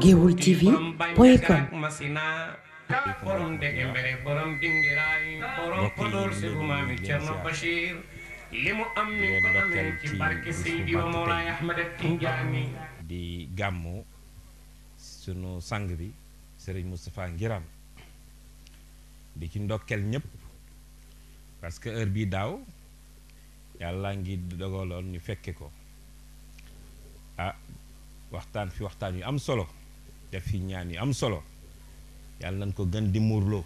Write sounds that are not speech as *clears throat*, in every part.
géewul tv point com borom dege mbere borom dingiraay borom si rumaami Cerno Bachir li mu am mi ko amee ci barke Seydi di gàmmu sunu sang bi Serigne Moustapha Ngiran di ci ndokkel ñëpp parce que heure bii daaw yàlla ngi dogaloon ñu fekke ko ah, waxtaan fi waxtaan yu am solo def fi ñaan yu am solo yàlla nañ ko gën di muurloo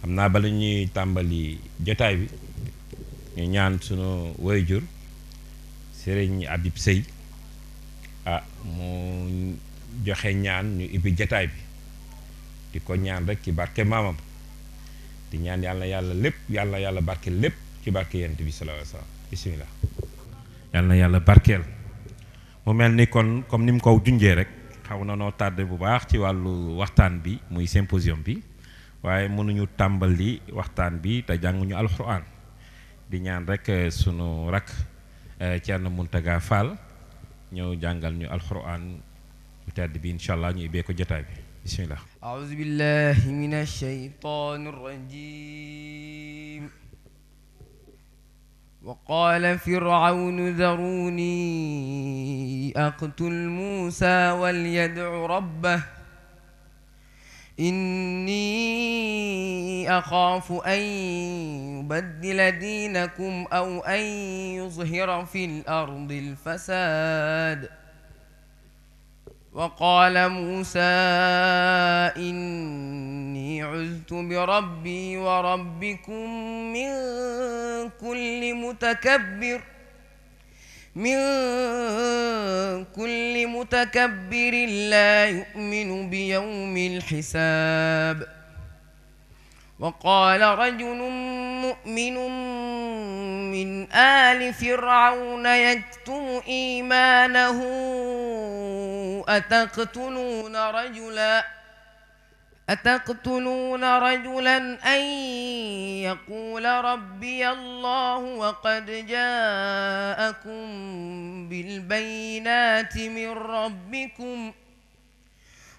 xam naa bala ñuy tàmbali jotaay bi ñu ñaan sunu wayjur sëriñ Abib Sey ah mu joxe ñaan ñu ibbi jotaay bi di ko ñaan rek ci barke maamam di ñaan yàlla yàlla lépp yàlla yàlla barke lépp ci barke yent bi sallallahu alayhi wasallam bismillah yàlla yàlla barkeel mu melni kon comme nim ko junjee rek xaw na noo tardé bu baax ci walu waxtan bi muy symposium bi ñu tambal li waxtan bi te ñu alcorane di ñaan rek eh, sunu rak eh, Thierno muntaga Fall ñew nyu ñu alcorane bu tedd bi inshallah allah ñu ibé ko jotaay bi bismillah أعوذ billahi minash shaitanir rajim وقال فرعون ذروني أقتل موسى وليدع ربه إني أخاف أن يبدل دينكم أو أن يظهر في الأرض الفساد وقال موسى إني عذت بربي وربكم من كل متكبر من كل متكبر لا يؤمن بيوم الحساب وقال رجل مؤمن من آل فرعون يكتم إيمانه أتقتلون رجلا أتقتلون رجلا أن يقول ربي الله وقد جاءكم بالبينات من ربكم ۖ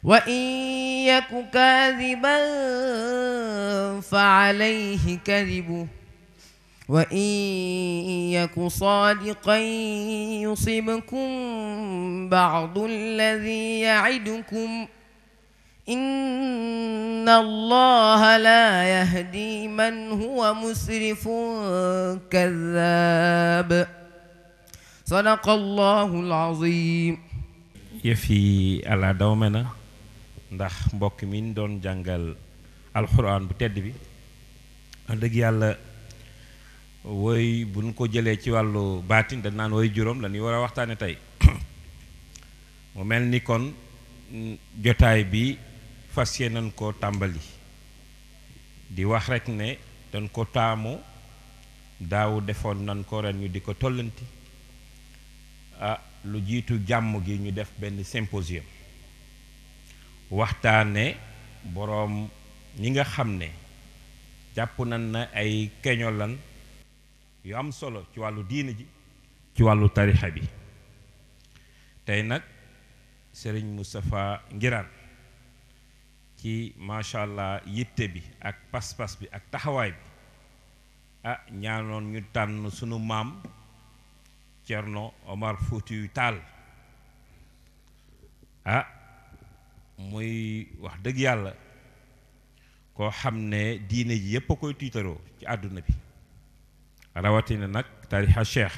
وإن يك كاذبا فعليه كذبه وإن يك صادقا يصبكم بعض الذي يعدكم إن الله لا يهدي من هو مسرف كذاب صدق الله العظيم يفي على دومنا ndax mbokk mi ñu doon jàngal alxuraan bu tedd bi wax dëgg yàlla woy bu ñu ko jëlee ci wàllu baatin dañ woy juróom la ñuy war waxtaane tey *coughs* mu mel ni kon mm, jotaay bi fas yéene nañ ko tàmbali di wax rekk ne dañ ko taamu daawu defoon nan ko ren ñu di ko tollanti a ah, lu jiitu jàmm gi ñu def benn symposium waxtane Borom, ñi nga xamne ne nan na ay keñolan yu am solo ci walu diine ji ci walu tariha bi tay ngiran, serigne mustapha ngiran ci yitte bi ak pas-pas bi ak taxaway bi a ñaanon ñu tànn sunu mam Cerno Omar foutu tal, ah muy wax dëgg yàlla koo xam ne diine ji yépp a koy tiitaroo ci àdduna bi rawatina nag tarixa cheikh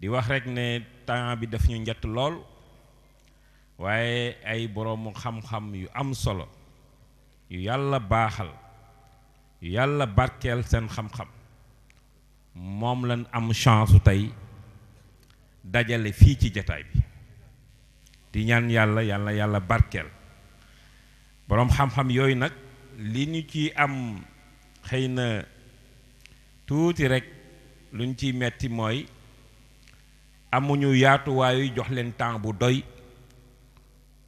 di wax rek ne temps bi daf ñu njett lool waaye ay boroomu xam-xam yu am solo yu yàlla baaxal yu yàlla barkeel seen xam-xam moom lañ am chance tey dajale fii ci jataay bi di ñaan yàlla yàlla yàlla barkeel boroom xam-xam yooyu nag li ñu ci am xëy na tuuti rekk lu ñu ciy metti mooy amuñu yaatuwaayu jox leen temps bu doy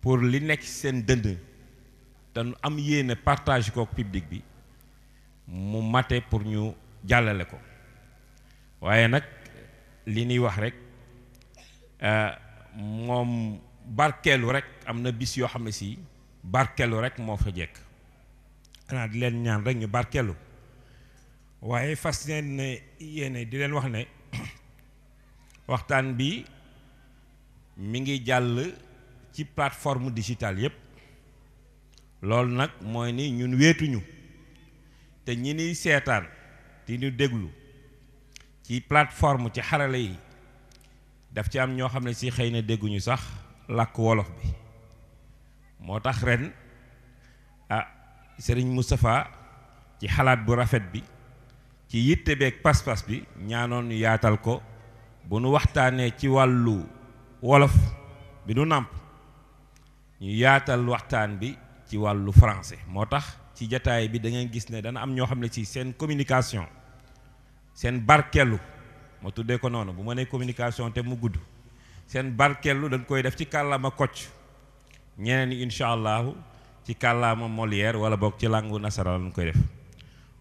pour li nekk seen dënd dañu am yéene partage ko public bi mu mate pour ñu jàllale ko waaye nag li ñuy wax rekk euh, moom barkeelu rek am na bis yoo xam ne si barkeelu rek moo fa jekk xanaa di leen ñaan rek ñu barkeelu waaye fas leen ne yéene di leen wax ne *clears throat* waxtaan bi mi ngi jàll ci plateforme digital yépp loolu nag mooy ni ñun weetuñu te ñi niy seetaan di ñu déglu ci plateforme ci xarala yi daf ci am ñoo xam ne si xëy na dégguñu sax làkk wolof bi moo tax ren ah sëriñ Moustapha ci xalaat bu rafet bi ci yitte beeg pas-pas bi ñaanoon ñu yaatal ko bu nu waxtaanee ci wàllu wolof bi nu nàmp ñu yaatal waxtaan bi ci wàllu français moo tax ci jataay bi da gis ne dana am ñoo xam ne ci seen communication seen barkeelu ma tuddee ko noonu bu ma nee communication te mu gudd sen barkelu dañ koy def ci kàllaama kocc ñeneen inshallah incha ci Molière wala bok ci langu nasara lañ koy def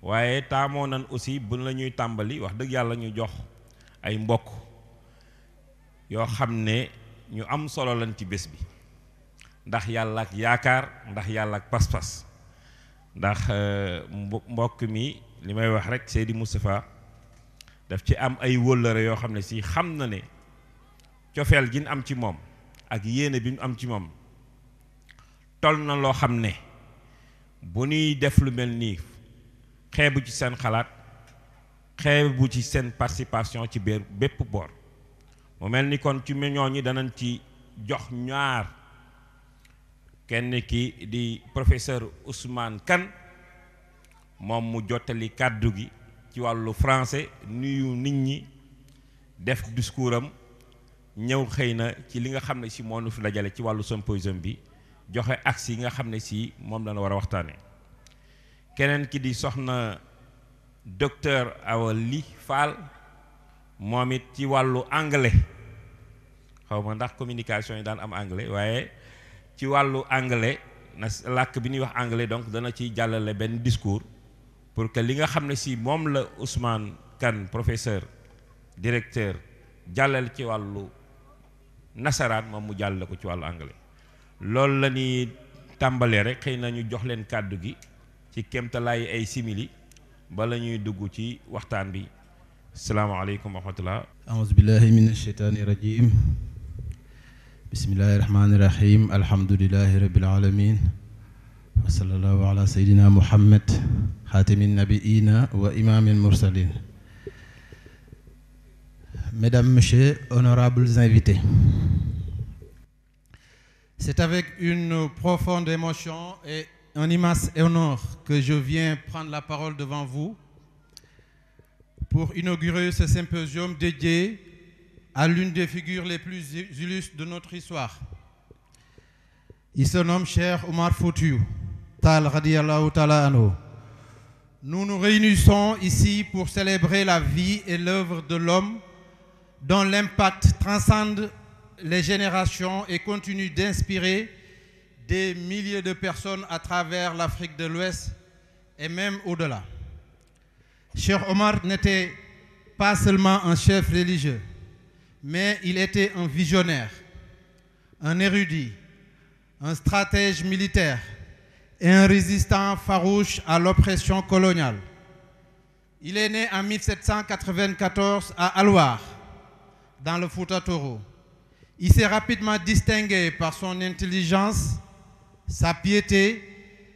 waaye taamoo nan aussi buñ lañuy tambali wax deug yalla ñu jox ay mbokk yo xamne ñu am solo lañ ci bés bi ndax yalla ak yaakar ndax yalla ak pas-pas ndax euh, mbokk mi limay wax rek Seydi Moustapha daf ci am ay wolere yo xamne si xam na ne cofeel gi ñu am ci mom ak yene bi am ci mom tol na loo xam bu ñuy def lu melni xébu ci sen xalaat xébu ci sen participation ci biir bépp mu melni ni kon ci ñoo ñi danañ ci jox ñaar kenn ki di professeur Ousmane Kane mom mu jotali kàddu gi ci walu français nuyu nit ñi def discoursam ñëw xëy na ci li nga xam ne si moo nu fi dajale ci wàllu symposium bi joxe axe yi nga xam ne si moom la ñu war a waxtaanee keneen ki di soxna docteur awal li Fall moom it ci wàllu anglais xaw ma ndax communication yi daan am anglais waaye ci wàllu anglais na làkk bi ñuy wax anglais donc dana ci jàllale benn discours pour que li nga xam ne si moom la Ousmane kan professeur directeur jàllale ci wàllu nasaraan moom mu jàll ko ci wàllu anglais loolu la ñuy tàmbalee rek xëy na ñu jox leen kàddu gi ci kéemtalaayu ay simili bala ñuy dugg ci waxtaan bi salaamaaleykum wa rahmatullah aouzu billahi min asheytaani rajim bismillahi rahmaani rahim alhamdulilahi rabbil alamin wa sallallahu ala sayyidina muhammad xaatimi nabiina wa imaamil mursalin Mesdames, Messieurs, honorables invités. C'est avec une profonde émotion et un immense honneur que je viens prendre la parole devant vous pour inaugurer ce symposium dédié à l'une des figures les plus illustres de notre histoire. Il se nomme Cher Omar Foutu, Tal Radiallahu Talano. Nous nous réunissons ici pour célébrer la vie et l'œuvre de l'homme dont l'impact transcende les générations et continue d'inspirer des milliers de personnes à travers l'Afrique de l'Ouest et même au-delà. Cher Omar n'était pas seulement un chef religieux, mais il était un visionnaire, un érudit, un stratège militaire et un résistant farouche à l'oppression coloniale. Il est né en 1794 à Alouar dans le Fouta Toro. Il s'est rapidement distingué par son intelligence, sa piété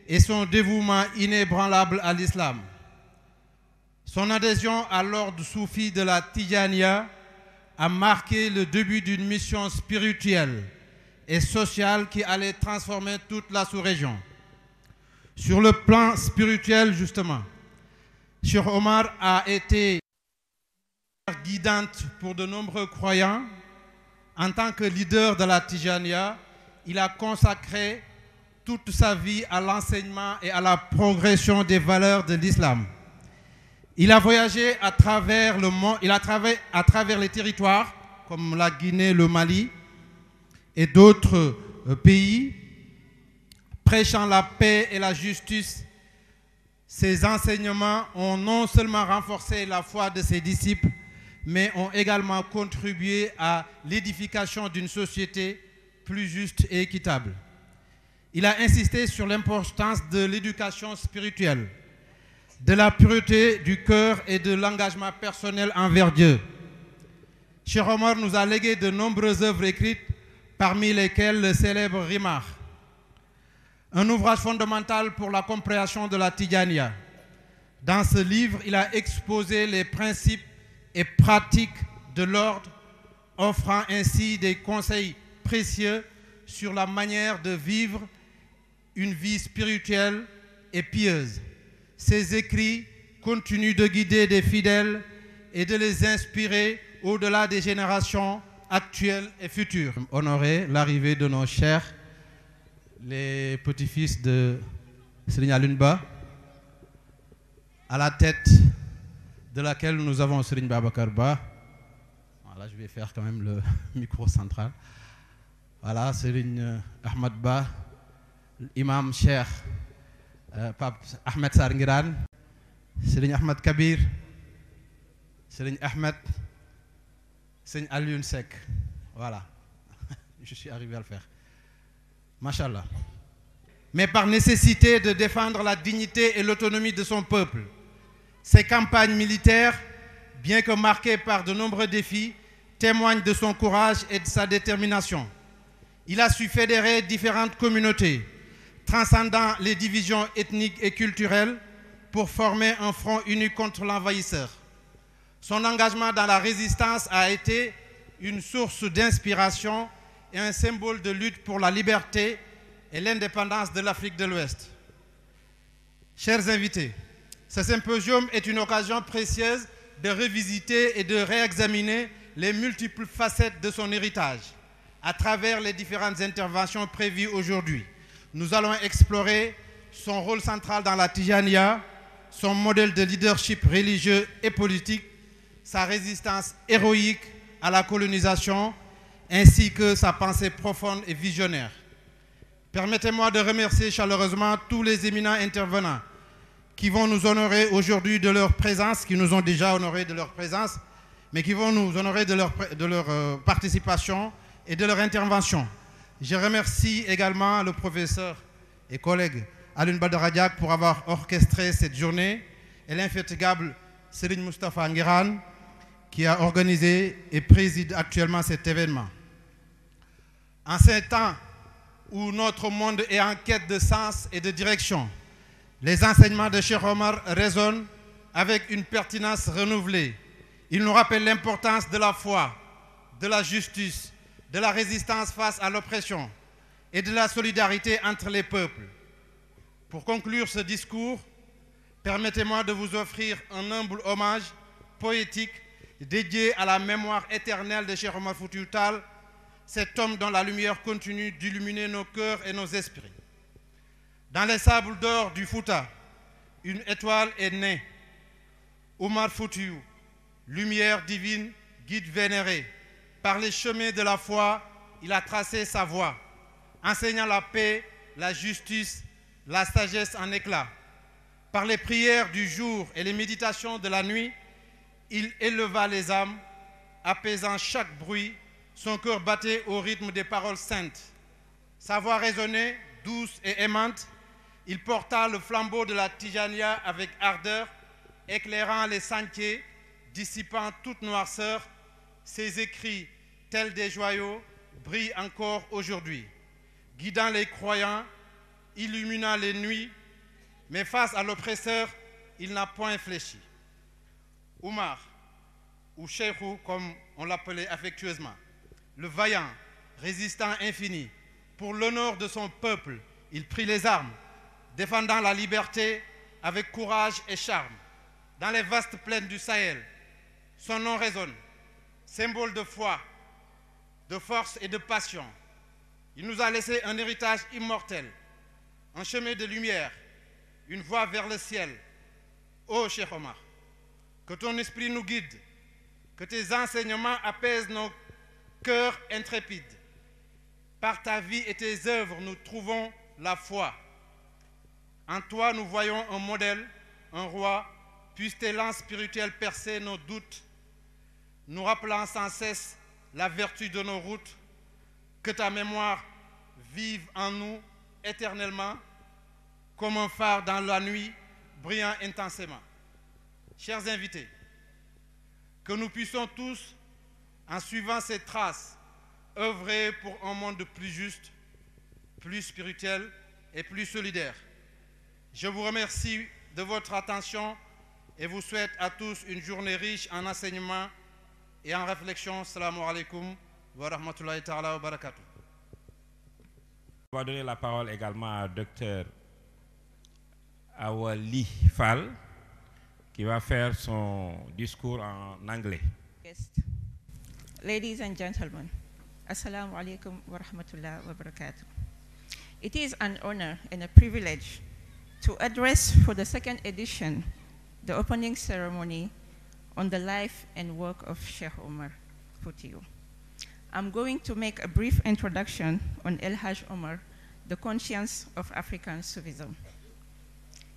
et son dévouement inébranlable à l'islam. Son adhésion à l'ordre soufi de la Tijania a marqué le début d'une mission spirituelle et sociale qui allait transformer toute la sous-région. Sur le plan spirituel, justement, sur Omar a été guidante pour de nombreux croyants, en tant que leader de la Tijania, il a consacré toute sa vie à l'enseignement et à la progression des valeurs de l'islam. Il a voyagé à travers le monde, il a à travers les territoires comme la Guinée, le Mali et d'autres euh, pays, prêchant la paix et la justice. Ses enseignements ont non seulement renforcé la foi de ses disciples, mais ont également contribué à l'édification d'une société plus juste et équitable. Il a insisté sur l'importance de l'éducation spirituelle, de la pureté du cœur et de l'engagement personnel envers Dieu. Cher Omar nous a légué de nombreuses œuvres écrites, parmi lesquelles le célèbre Rimar, un ouvrage fondamental pour la compréhension de la Tidjania. Dans ce livre, il a exposé les principes et pratique de l'ordre, offrant ainsi des conseils précieux sur la manière de vivre une vie spirituelle et pieuse. Ces écrits continuent de guider des fidèles et de les inspirer au-delà des générations actuelles et futures. Honorer l'arrivée de nos chers, les petits-fils de Selina Lunba, à la tête de laquelle nous avons Serine Babakarba. Voilà, je vais faire quand même le *laughs* micro central. Voilà, Serine euh, Ahmad Ba, l'imam cher, euh, Pape Ahmed Sarngiran, Serine Ahmad Kabir, Serine Ahmed, Serine al Sek. Voilà, *laughs* je suis arrivé à le faire. Machallah. Mais par nécessité de défendre la dignité et l'autonomie de son peuple, ses campagnes militaires, bien que marquées par de nombreux défis, témoignent de son courage et de sa détermination. Il a su fédérer différentes communautés, transcendant les divisions ethniques et culturelles, pour former un front uni contre l'envahisseur. Son engagement dans la résistance a été une source d'inspiration et un symbole de lutte pour la liberté et l'indépendance de l'Afrique de l'Ouest. Chers invités, ce symposium est une occasion précieuse de revisiter et de réexaminer les multiples facettes de son héritage. À travers les différentes interventions prévues aujourd'hui, nous allons explorer son rôle central dans la Tijania, son modèle de leadership religieux et politique, sa résistance héroïque à la colonisation, ainsi que sa pensée profonde et visionnaire. Permettez-moi de remercier chaleureusement tous les éminents intervenants qui vont nous honorer aujourd'hui de leur présence, qui nous ont déjà honorés de leur présence, mais qui vont nous honorer de leur, euh, participation et de leur intervention. Je remercie également le professeur et collègue Alun Badaradiak pour avoir orchestré cette journée et l'infatigable Céline Mustafa Angiran qui a organisé et préside actuellement cet événement. En ces temps où notre monde est en quête de sens et de direction, les enseignements de Cheikh Omar résonnent avec une pertinence renouvelée. Ils nous rappellent l'importance de la foi, de la justice, de la résistance face à l'oppression et de la solidarité entre les peuples. Pour conclure ce discours, permettez-moi de vous offrir un humble hommage poétique dédié à la mémoire éternelle de Cheikh Omar cet homme dont la lumière continue d'illuminer nos cœurs et nos esprits. Dans les sables d'or du Fouta, une étoile est née. Omar Futu, lumière divine, guide vénéré. Par les chemins de la foi, il a tracé sa voie, enseignant la paix, la justice, la sagesse en éclat. Par les prières du jour et les méditations de la nuit, il éleva les âmes, apaisant chaque bruit. Son cœur battait au rythme des paroles saintes. Sa voix résonnait, douce et aimante, il porta le flambeau de la Tijania avec ardeur, éclairant les sentiers, dissipant toute noirceur. Ses écrits, tels des joyaux, brillent encore aujourd'hui, guidant les croyants, illuminant les nuits, mais face à l'oppresseur, il n'a point fléchi. Oumar, ou Cheikhou, comme on l'appelait affectueusement, le vaillant, résistant infini, pour l'honneur de son peuple, il prit les armes défendant la liberté avec courage et charme dans les vastes plaines du Sahel. Son nom résonne, symbole de foi, de force et de passion. Il nous a laissé un héritage immortel, un chemin de lumière, une voie vers le ciel. Ô Cheikh Omar, que ton esprit nous guide, que tes enseignements apaisent nos cœurs intrépides. Par ta vie et tes œuvres, nous trouvons la foi. En toi, nous voyons un modèle, un roi. Puissent tes lances spirituelles percer nos doutes, nous rappelant sans cesse la vertu de nos routes. Que ta mémoire vive en nous éternellement, comme un phare dans la nuit, brillant intensément. Chers invités, que nous puissions tous, en suivant ces traces, œuvrer pour un monde plus juste, plus spirituel et plus solidaire. Je vous remercie de votre attention et vous souhaite à tous une journée riche en enseignements et en réflexions. Salam alaikum wa rahmatullahi wa barakatuh. Je vais donner la parole également à Dr Awali Fall qui va faire son discours en anglais. Ladies and gentlemen, Assalamu alaikum wa rahmatullahi wa barakatuh. It is an honor and a privilege to address for the second edition the opening ceremony on the life and work of Sheikh Omar Futiyu. I'm going to make a brief introduction on El Hajj Omar, the conscience of African Sufism.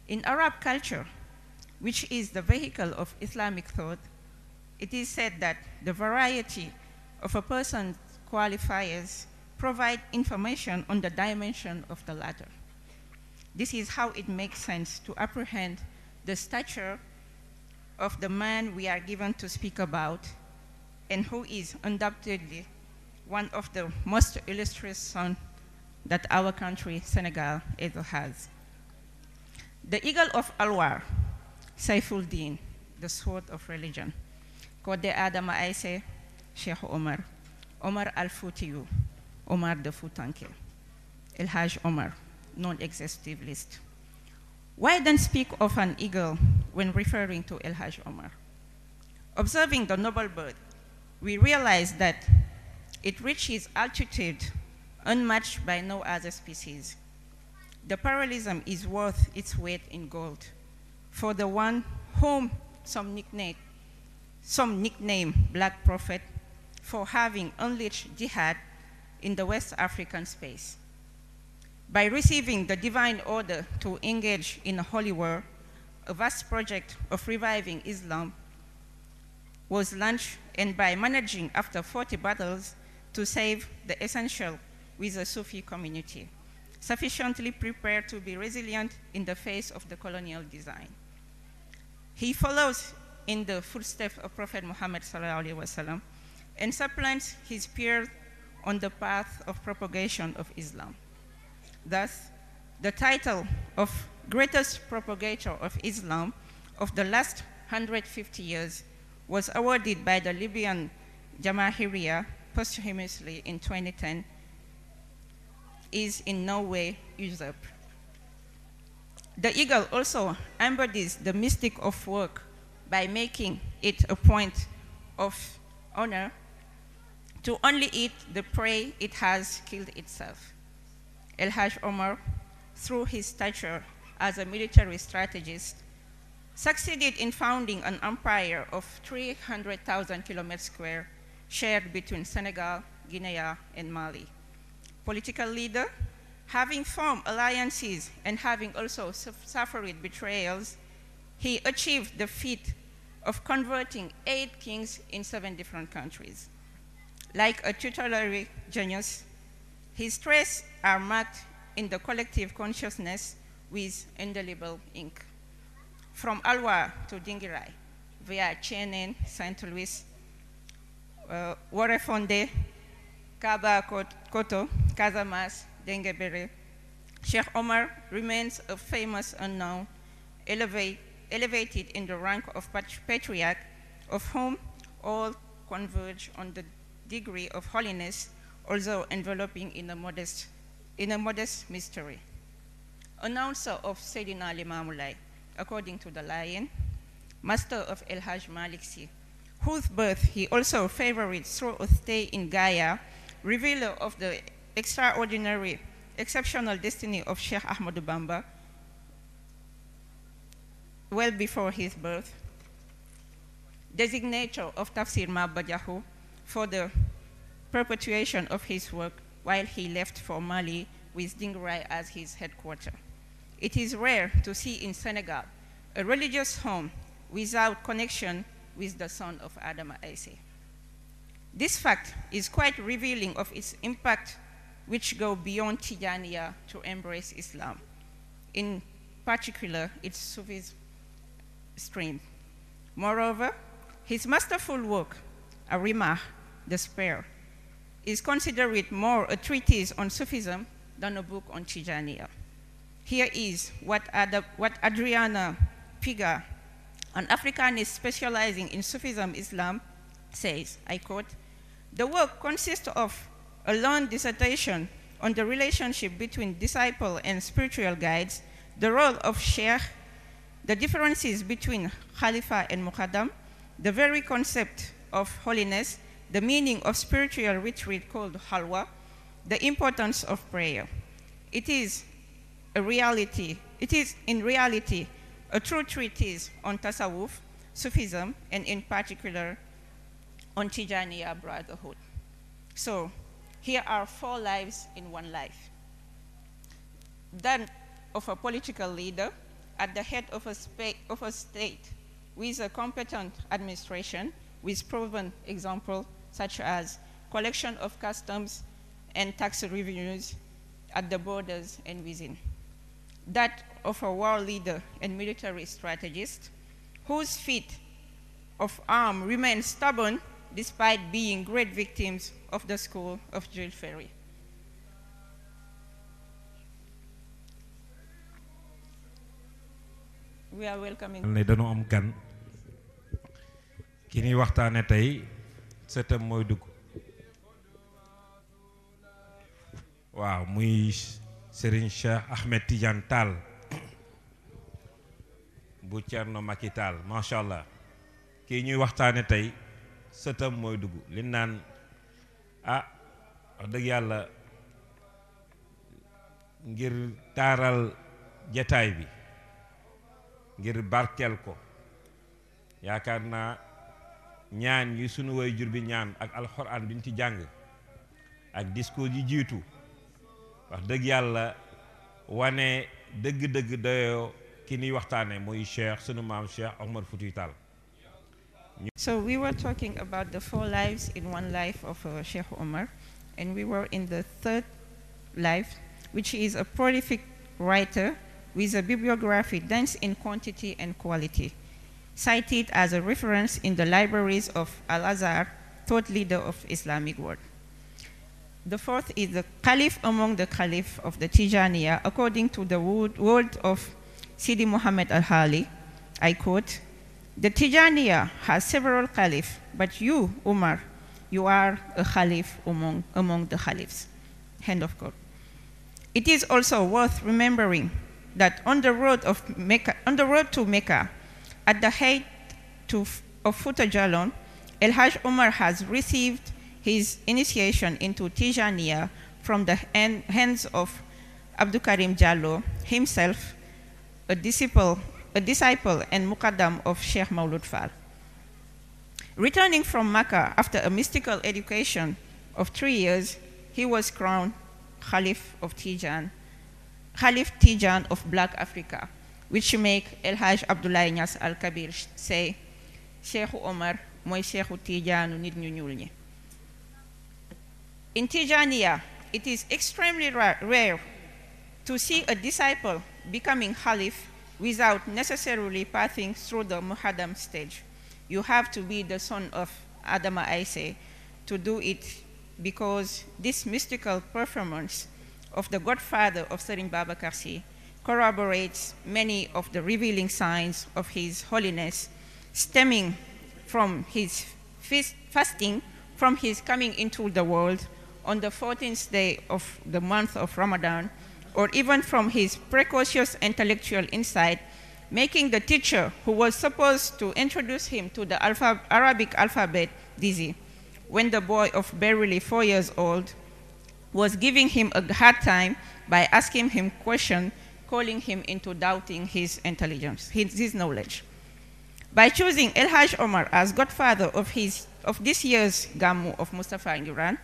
In Arab culture, which is the vehicle of Islamic thought, it is said that the variety of a person's qualifiers provide information on the dimension of the latter. This is how it makes sense to apprehend the stature of the man we are given to speak about and who is undoubtedly one of the most illustrious sons that our country, Senegal, ever has. The eagle of Alwar, Saifuddin, the sword of religion. Kode Adama Aise, Sheikh Omar. Omar Al-Futiyu, Omar the Futanke. El Haj Omar non-exhaustive list. Why then speak of an eagle when referring to El Hajj Omar? Observing the noble bird, we realize that it reaches altitude unmatched by no other species. The parallelism is worth its weight in gold for the one whom some nickname, some nickname Black Prophet for having unleashed jihad in the West African space. By receiving the divine order to engage in a holy war, a vast project of reviving Islam was launched, and by managing after 40 battles to save the essential with the Sufi community, sufficiently prepared to be resilient in the face of the colonial design. He follows in the footsteps of Prophet Muhammad and supplants his peers on the path of propagation of Islam. Thus, the title of greatest propagator of Islam of the last 150 years was awarded by the Libyan Jamahiriya posthumously in 2010 is in no way usurped. The eagle also embodies the mystic of work by making it a point of honor to only eat the prey it has killed itself. El Haj Omar, through his stature as a military strategist, succeeded in founding an empire of 300,000 km square shared between Senegal, Guinea, and Mali. Political leader, having formed alliances and having also suffered betrayals, he achieved the feat of converting eight kings in seven different countries. Like a tutelary genius, his traces are marked in the collective consciousness with indelible ink. From Alwa to Dingirai, via Chenin, St. Louis, uh, Warefonde, Kaba Koto, Kazamas, Dengebere, Sheikh Omar remains a famous unknown, elevate, elevated in the rank of patriarch, of whom all converge on the degree of holiness also enveloping in a modest, in a modest mystery. Announcer of Sayyidina Ali Mamulai, according to the lion, master of El Hajj Maliksi, whose birth he also favored through a stay in Gaia, revealer of the extraordinary, exceptional destiny of Sheikh Ahmad Bamba, well before his birth, designator of Tafsir Mabbajahu for the perpetuation of his work while he left for Mali with Dingrai as his headquarters. It is rare to see in Senegal a religious home without connection with the son of Adam Aisse. This fact is quite revealing of its impact which go beyond Tijaniya to embrace Islam, in particular its Sufi stream. Moreover, his masterful work, Arima, The Spare, is considered more a treatise on Sufism than a book on Tijaniya. Here is what, Ad what Adriana Piga, an Africanist specializing in Sufism Islam, says, I quote, the work consists of a long dissertation on the relationship between disciple and spiritual guides, the role of sheikh, the differences between khalifa and muqaddam, the very concept of holiness, the meaning of spiritual retreat called halwa, the importance of prayer. It is a reality, it is in reality a true treatise on tasawwuf, Sufism, and in particular on Tijaniya brotherhood. So here are four lives in one life. That of a political leader at the head of a, of a state with a competent administration with proven example such as collection of customs and tax revenues at the borders and within. That of a war leader and military strategist whose feet of arm remain stubborn despite being great victims of the school of Jules Ferry. We are welcoming. sëtam mooy dugg waaw muy Serigne Cheikh Ahmed Tidiane Tall bu Thierno Macky Tall allah kii ñuy waxtaane tey sëtam mooy dugg li naan ah dëgg yàlla ngir taaral jataay bi ngir barkeel ko yaakaar naa ñaan sunu way jur bi ñaan ak ci jàng ak discours yi wax yàlla wane ki Cheikh sunu Cheikh Omar So we were talking about the four lives in one life of uh, Sheikh Omar, and we were in the third life, which is a prolific writer with a bibliography dense in quantity and quality cited as a reference in the libraries of Al-Azhar, thought leader of Islamic world. The fourth is the caliph among the caliph of the Tijaniya, according to the word of Sidi Muhammad al-Hali, I quote, the Tijaniya has several caliphs, but you, Umar, you are a caliph among, among the caliphs. Hand of God. It is also worth remembering that on the road, of Mecca, on the road to Mecca, at the height to, of Futajalon, El Hajj Umar has received his initiation into Tijaniya from the hands of Abdul Karim Jallo, himself a disciple, a disciple and muqaddam of Sheikh Maulud Far. Returning from Makkah after a mystical education of three years, he was crowned Khalif of Tijan, Khalif Tijan of Black Africa which make El Haj Abdullah Niass Al Kabir say Cheikhu Omar my Sheikh Tijaanu nit ñu In Tijania, it is extremely rare to see a disciple becoming Khalif without necessarily passing through the Muhaddam stage. You have to be the son of Adama Aise to do it because this mystical performance of the godfather of Serigne Baba Sy corroborates many of the revealing signs of His holiness stemming from His fasting from His coming into the world on the 14th day of the month of Ramadan, or even from His precocious intellectual insight, making the teacher who was supposed to introduce him to the alpha Arabic alphabet dizzy when the boy of barely four years old was giving him a hard time by asking him questions calling him into doubting his intelligence, his, his knowledge. By choosing El Hajj Omar as godfather of, his, of this year's Gamu of Mustafa in Iran,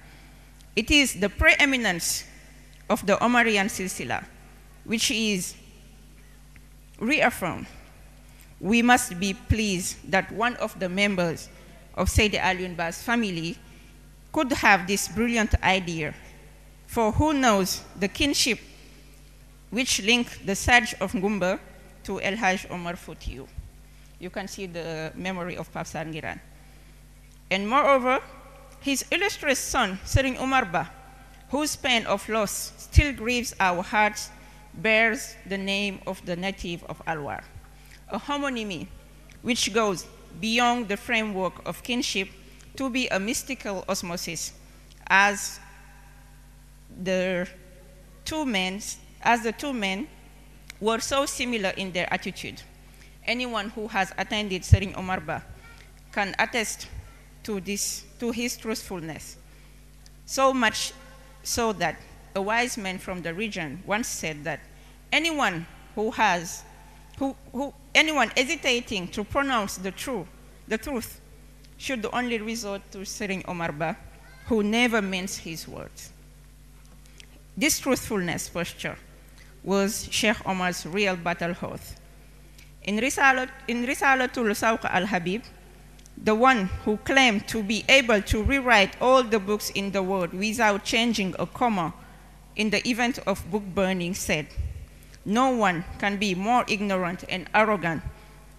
it is the preeminence of the Omarian Silsila, which is reaffirmed. We must be pleased that one of the members of Sayyid Ali Unbar's family could have this brilliant idea, for who knows the kinship which link the Saj of Ngumba to El Haj Omar Fotiu. You can see the memory of Papsar Ngiran. And moreover, his illustrious son, Sering Umarba, whose pain of loss still grieves our hearts, bears the name of the native of Alwar, a homonymy which goes beyond the framework of kinship to be a mystical osmosis, as the two men as the two men were so similar in their attitude. Anyone who has attended Sering Omarba can attest to, this, to his truthfulness. So much so that a wise man from the region once said that anyone who has, who, who, anyone hesitating to pronounce the, true, the truth should only resort to Sering Omarba, who never minces his words. This truthfulness posture was Sheikh Omar's real battle horse. In Risalat, in Risalatul Sawq al-Habib, the one who claimed to be able to rewrite all the books in the world without changing a comma in the event of book burning said, no one can be more ignorant and arrogant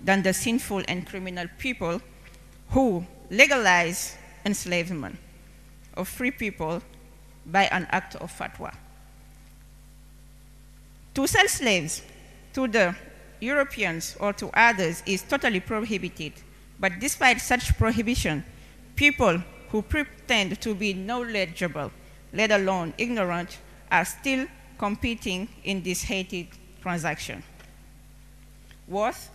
than the sinful and criminal people who legalize enslavement of free people by an act of fatwa. To sell slaves to the Europeans or to others is totally prohibited. But despite such prohibition, people who pretend to be knowledgeable, let alone ignorant, are still competing in this hated transaction. Worth,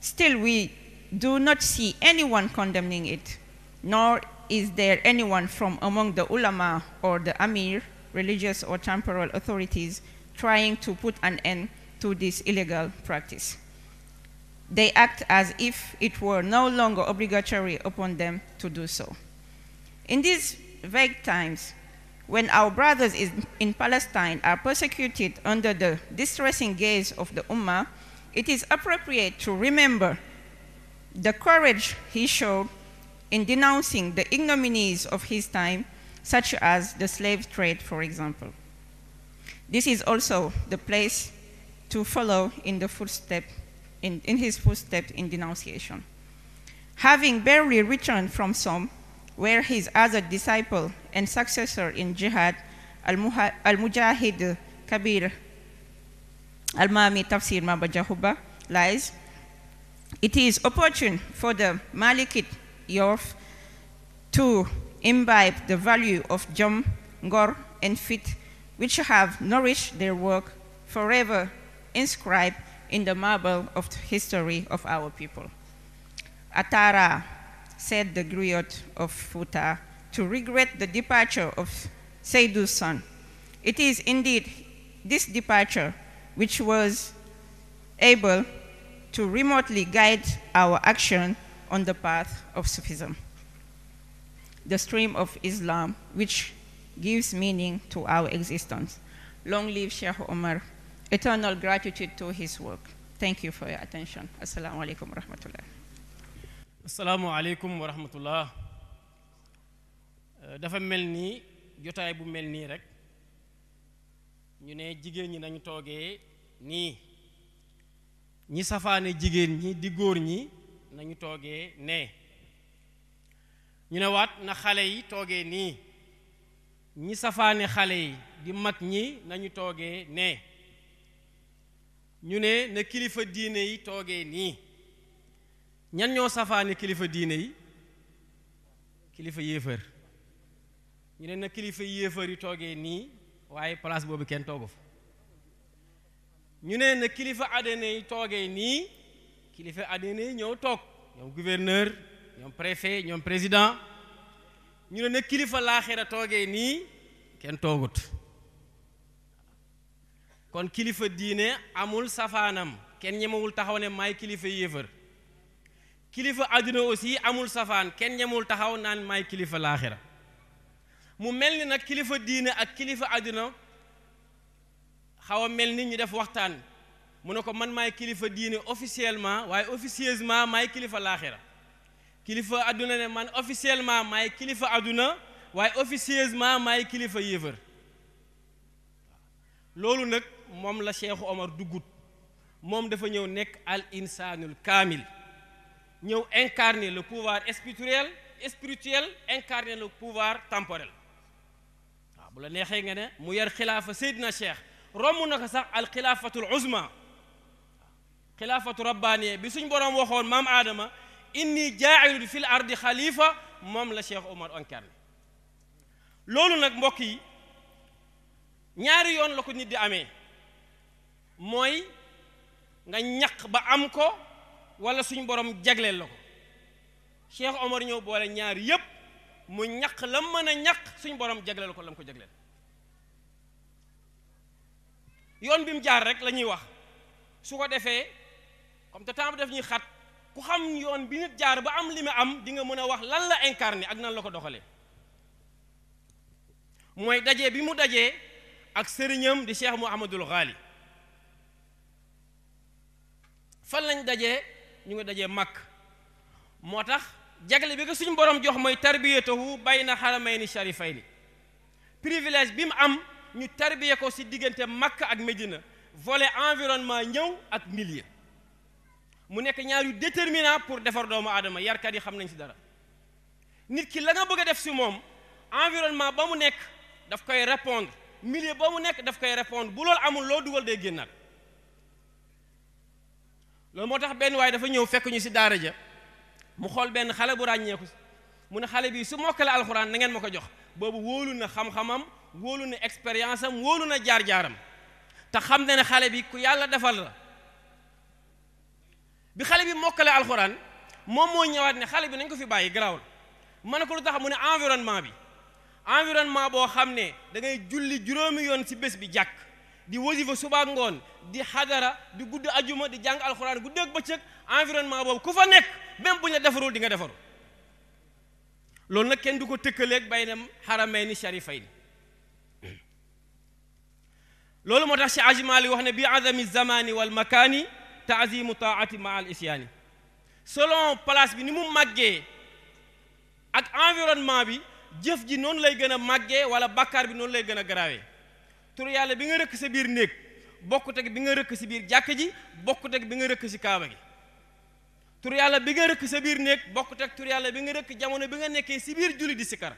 still we do not see anyone condemning it, nor is there anyone from among the ulama or the amir, religious or temporal authorities, trying to put an end to this illegal practice. They act as if it were no longer obligatory upon them to do so. In these vague times, when our brothers in Palestine are persecuted under the distressing gaze of the Ummah, it is appropriate to remember the courage he showed in denouncing the ignominies of his time, such as the slave trade, for example. This is also the place to follow in, the footstep, in, in his footsteps in denunciation. Having barely returned from Som, where his other disciple and successor in jihad, Al-Mujahid Kabir Al-Mami Tafsir Mabajahuba lies, it is opportune for the Malikit Yorf to imbibe the value of Jom, Gor, and Fit which have nourished their work forever inscribed in the marble of the history of our people. Atara, said the griot of Futa, to regret the departure of Seidu's son. It is indeed this departure which was able to remotely guide our action on the path of Sufism. The stream of Islam, which gives meaning to our existence. Long live Sheikh Omar. Eternal gratitude to his work. Thank you for your attention. Assalamu alaikum wa rahmatullah. Assalamu alaikum wa rahmatullah. Uh, dafa mel ni bu mel rek ñu ne jigéen ñi nañu toogee nii ñi safaane jigéen ñi di góor ñi nañu toogee nee ñu ne wat na xale yi ni. nii ñi safaane xale yi di mag ñi nañu toogee nee ñu ne na kilifa diine yi toogee nii ñan ñoo safaane kilifa diine yi kilifa yéefar ñu ne na kilifa yéefar yi toogee nii waaye place boobu kenn toogu fa ñu ne na kilifa àddina yi toogee nii kilifa àddina yi ñëw toog ñoom gouverneur ñoom préfet ñoom président ñu ne kilifa laaxira toogee nii kenn toogut kon kilifa diine amul safaanam kenn ñemewul taxaw ne may kilifa yéefar kilifa aduna aussi amul safaan kenn ñemewul taxaw naan may kilifa laaxira mu mel ni nag kilifa diine ak kilifa aduna xaw a mel ni ñu def waxtaan mu ne ko man may kilifa diine officiellement waaye officieusement may kilifa laaxira kilifa aduna ne man officiellement may kilifa aduna waaye officieusement may kilifa yever lolou nak mom la Cheikh Omar dugut mom dafa ñëw nek al insanul kamil ñëw incarner le pouvoir spirituel spirituel incarner le pouvoir temporel waaw bu la nexé nga ne mu yar khilafa Seydina Cheikh romu na sax al khilafatul uzma khilafatu rabbaaniya bi suñ borom waxon mam adama inni jaa'ilun fil ardi xalifa moom la Cheikh Omar incarné loolu nag mbokk yi ñaari yoon la ko nit di amee mooy nga ñaq ba am ko wala suñ borom jagleel la ko Cheikh Omar ñëw boole ñaar yépp mu ñaq la mën a ñaq suñ borom jagleel ko la mu ko jagleel yoon bi mu jaar rek la ñuy wax su ko defee comme te temps bi daf ñuy xat ku xam yoon bi nit jaar ba am li mu am di nga mën a wax lan la incarné ak nan la ko doxalee mooy daje bi mu dajee ak sëriñam di cheikh Mouhamadul Ghali fan lañ dajee ñu ngi dajee màkk moo tax jagle bi ko suñ borom jox mooy tarbiyatahu bayna xaramayni sharifayni privilège bi mu am ñu tarbiye ko si diggante màkk ak médina volet environnement ñëw ak millier mu nekk ñaar yu déterminant pour defar doomu aadama yarkat yi xam nañ si dara nit ki la nga bëgg a def si moom environnement ba mu nekk daf koy répondre milieu ba mu nekk daf koy répondre bu loolu amul loo dugal day génnaat loolu moo tax benn waaye dafa ñëw fekk ñu si daara ja mu xool benn xale bu ràññeeku mu ne xale bii su mokkale alxuraan na ngeen ma ko jox boobu wóolu na xam-xamam wóolu na expérience am wóolu na jaar-jaaram te xam na ne xale bi ku yàlla defal la bi xale bi mokalé alcorane mom mo ñëwaat ne xale bi nañ ko fi bàyyi grawul mané ko lu tax mu ne environnement bi environnement bo xamné da ngay julli juróomi yoon ci bés bi jàkk di wosifa suba ngon di hadara di gudd aljuma di jàng alcorane gudd ak beccëk environnement bobu ku fa nek même bu ñu defarul di nga defaru lool nak kenn du ko tëkkaleeg bay nam xaramay ni sharifay ni loolu moo wax ne bi azami zamani wal makani taazimu taati ma al isyaani solon place bi ni mu màggee ak environnement bi jëf ji noonu lay gën a màggee wala bàkkaar bi noonu lay gën a garaawee tur yàlla bi nga rëkk sa biir néeg bokkut ak bi nga rëkk si biir jàkk ji bokkut ak bi nga rëkk si kaaba gi tur yàlla bi nga rëkk sa biir néeg bokkut ak tur bi nga rëkk jamono bi nga nekkee si biir julli di sikar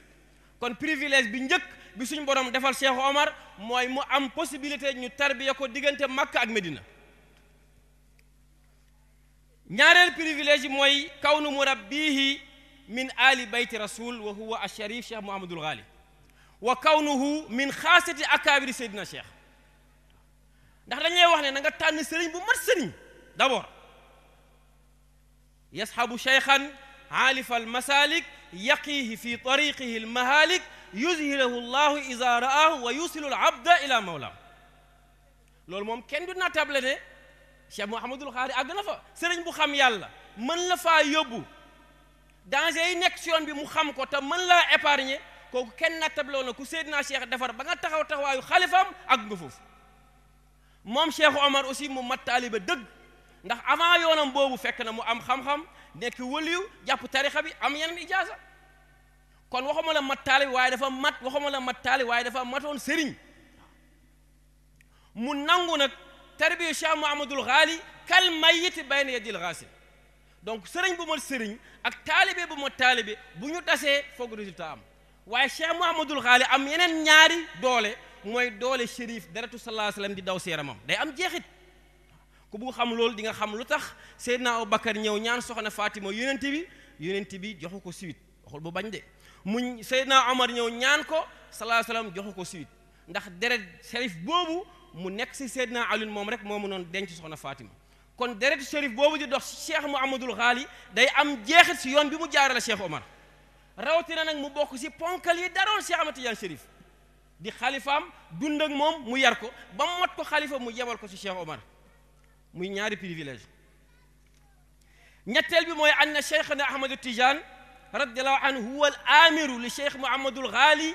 kon privilège bi njëkk bi suñu borom defal Cheikh Omar mooy mu am possibilité ñu tarbiya ko diggante Makka ak Medina. ñaarel privilège moy kawnu murabbihi min ali bayti rasul wa huwa ash-sharif cheikh mouhamadul ghali wa kawnuhu min khasati akabir sayyidina cheikh ndax dañ lay wax ne nga tan serigne bu mat serigne d'abord yashabu shaykhan alif al-masalik yaqihi fi tariqihi al-mahalik في allah المهالك ra'ahu wa yusilu al-abda ila إلى lol mom ken du natable ne Cheikh Mouhamadul Xaari àgg na fa sëriñ bu xam yàlla mën la faa yóbbu danger yi nekk si yoon bi mu xam ko te mën laa épargner kooku kenn nattabloo na ku Seydina Cheikh defar ba nga taxaw taxawaayu xalifaam àgg nga foofu moom Cheikh Omar aussi mu mat taaliba dëgg ndax avant yoonam boobu fekk na mu am xam-xam nekk wëliw jàpp tarixa bi am yeneen ijaaza kon waxuma la mat taali waaye dafa mat waxuma la mat taali waaye dafa matoon sëriñ mu nangu nag tarbiya Cheikh Mouhamadul Ghali kal mayit bayna yadil ghaasil donc sëriñ bu ma sëriñ ak taalibe bu ma taalibe bu ñu tasee foog résultat am waaye Cheikh Mouhamadul Ghali am yeneen ñaari doole mooy doole shérif deretu sallallahu alayhi wasallam di daw seeramam day am jeexit ku bugg xam loolu di nga xam lu tax Seydina Abubakar ñëw ñaan soxna Fatima yonent bi yonent bi joxu ko suite waxul bu bañ de mu Seydina Omar ñëw ñaan ko sallallahu alayhi wasallam joxu ko suite ndax deret shérif boobu mu nek ci Seydina ali mom rek momu non denc soxna Fatima kon deret shérif bobu di dox Cheikh Mouhamadul ghali day am jeexit ci yoon bi mu jaarale Cheikh Omar rawti na nak mu bok ci ponkal yi daroon Cheikh Ahmad Tidiane shérif di khalifam dund ak mom mu yar ko ba mot ko khalifa mu yebal ko ci Cheikh Omar muy ñaari privilège ñettel bi moy anna cheikh na ahmadou Tidiane radiallahu anhu huwa al amiru li Cheikh Mouhamadul ghali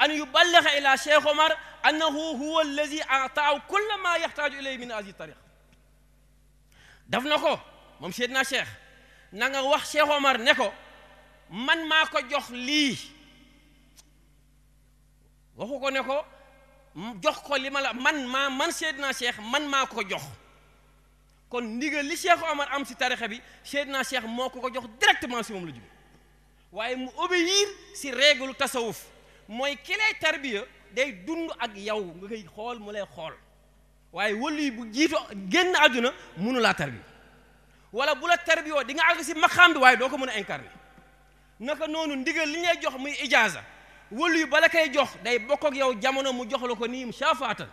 أن يبلغ إلى شيخ عمر أنه هو الذي أعطاه كل ما يحتاج إليه من هذه الطريق دفنا كو مم سيدنا شيخ نانا نعم واخ شيخ عمر نكو من ماكو جوخ لي واخو كو نكو جوخ كو لما لا من ما من سيدنا شيخ من ماكو جوخ كون نيغا لي شيخ عمر ام سي تاريخ بي سيدنا شيخ موكو كو جوخ ديريكتومون سي موم لا جوم waye mu obéir si règle tasawuf mooy ki lay tarbiya day dund ak yow nga koy xool mu lay xool waaye wëllu bu jiito génn àdduna mënu laa tarbiya wala bu la tarbiyoo di nga àgg si maqaam bi waaye doo ko mën a incarné naka noonu ndigal li ñu jox muy ijaaza wëllu yu bala kay jox day bokk ak yow jamono mu jox la ko nii shafaatan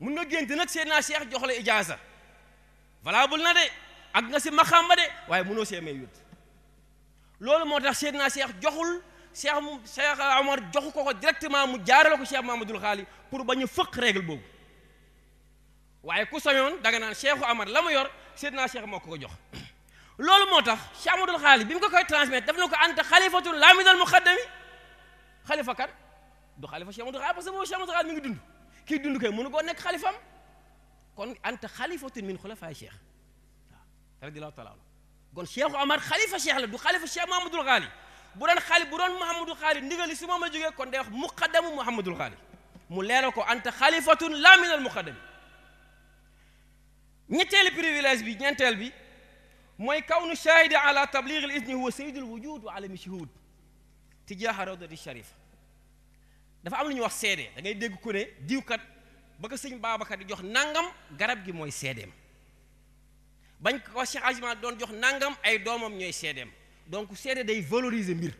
mun nga gént nag seen naa seex jox la ijaaza valable na de ak nga si maqaam ba de waaye mënoo see may wét loolu moo tax seen naa seex joxul cheikh mu cheikh Omar joxu ko ko directement mu jaarale ko cheikh Mamadul Xaali pour bañ a fëq règle boobu waaye ku soñoon da nga naan cheikh Omar la mu yor Seydina cheikh moo ko ko jox. loolu moo tax cheikh Amadul Xaali bi mu ko koy transmettre daf na ko anta xalifatul laamidal muxaddami xalifa kan du xalifa cheikh Amadul Xaali parce que boobu cheikh Amadul Xaali mi ngi dund kii dund kay mënu koo nekk xalifam kon anta xalifatun min xulafaay cheikh waaw radiyallaahu taala kon cheikh Omar xalifa cheikh la du xalifa cheikh Mamadul Xaali بودن خالد بودن محمد الخالد نيجالي سما ما جوجي كون ديوخ مقدم محمد الخالد مولانو كو انت خليفه لا من المقدم نيتيل بريفيليج بي نيتيل بي موي كون شاهد على تبليغ الاذن هو سيد الوجود وعالم الشهود تجاه روضه الشريف دا فا ام لي نيوخ سيدي دا غاي ديغ كوني ديو كات باكا سيغ بابا كات جوخ نانغام غراب جي موي سيديم بان كو شيخ اجمال دون جوخ نانغام اي دومام نيوي سيديم donc seede day valoriser mbir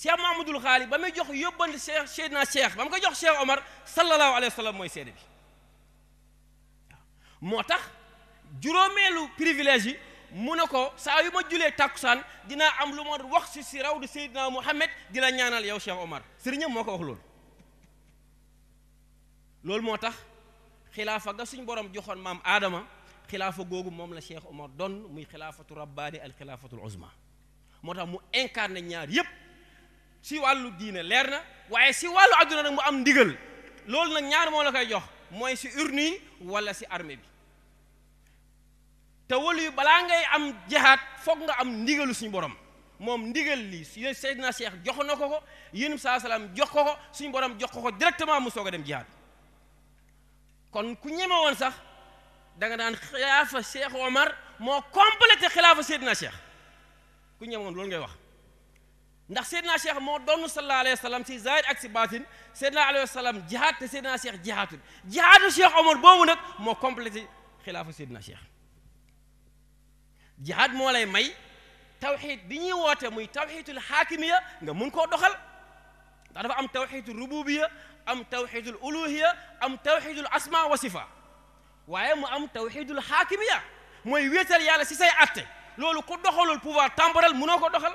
cheikh mahamadoul xaali ba muy jox yóbbandi cheikh seydina cheikh ba mu ko jox cheikh omar sallallahu alayhi wa sallam mooy seede bi waaw moo tax juróomeelu privilège yi mu ne ko saa yu ma julee tàkkusaan dinaa am lu ma wax si si raw di seydina mouhamed di la ñaanal yow cheikh omar sëriñam moo ko wax loolu loolu moo tax xilaafa ga suñ borom joxoon maam aadama xilaafa googu moom la cheikh omar doon muy xilaafatu rabbaani al xilaafatul uzma moo tax mu incarné ñaar yépp si wàllu diine leer na waaye si wàllu àdduna nag mu am ndigal loolu nag ñaar moo la koy jox mooy si urne yi wala si armée bi te wëlu balaa ngay am jihaad foog nga am ndigalu suñu borom moom ndigal li yéen Seydina Cheikh jox na ko ko yéen saa salaam jox ko ko suñu borom jox ko ko directement mu soog a dem jihaad kon ku ñeme woon sax danga daan naan xilaafa Cheikh Omar moo complété xilaafa Seydina Cheikh ku ñemoon loolu ngay wax ndax seydina cheikh mo don sallallahu alayhi wasallam ci si zahir ak ci batin seydina alayhi wasallam jihad te seydina cheikh jihaatul jihad cheikh omar bobu nak mo complété khilafa seydina cheikh jihad mo lay may tawhid bi ñuy woote muy tawhidul hakimiyya nga mun ko doxal da dafa am tawhidul rububiyya am tawhidul uluhiyya am tawhidul asma wa sifa waye mu am tawhidul hakimiyya moy wétal yàlla ci say atte لولو كو دخلو البوفوار تامبرال مونوكو دخل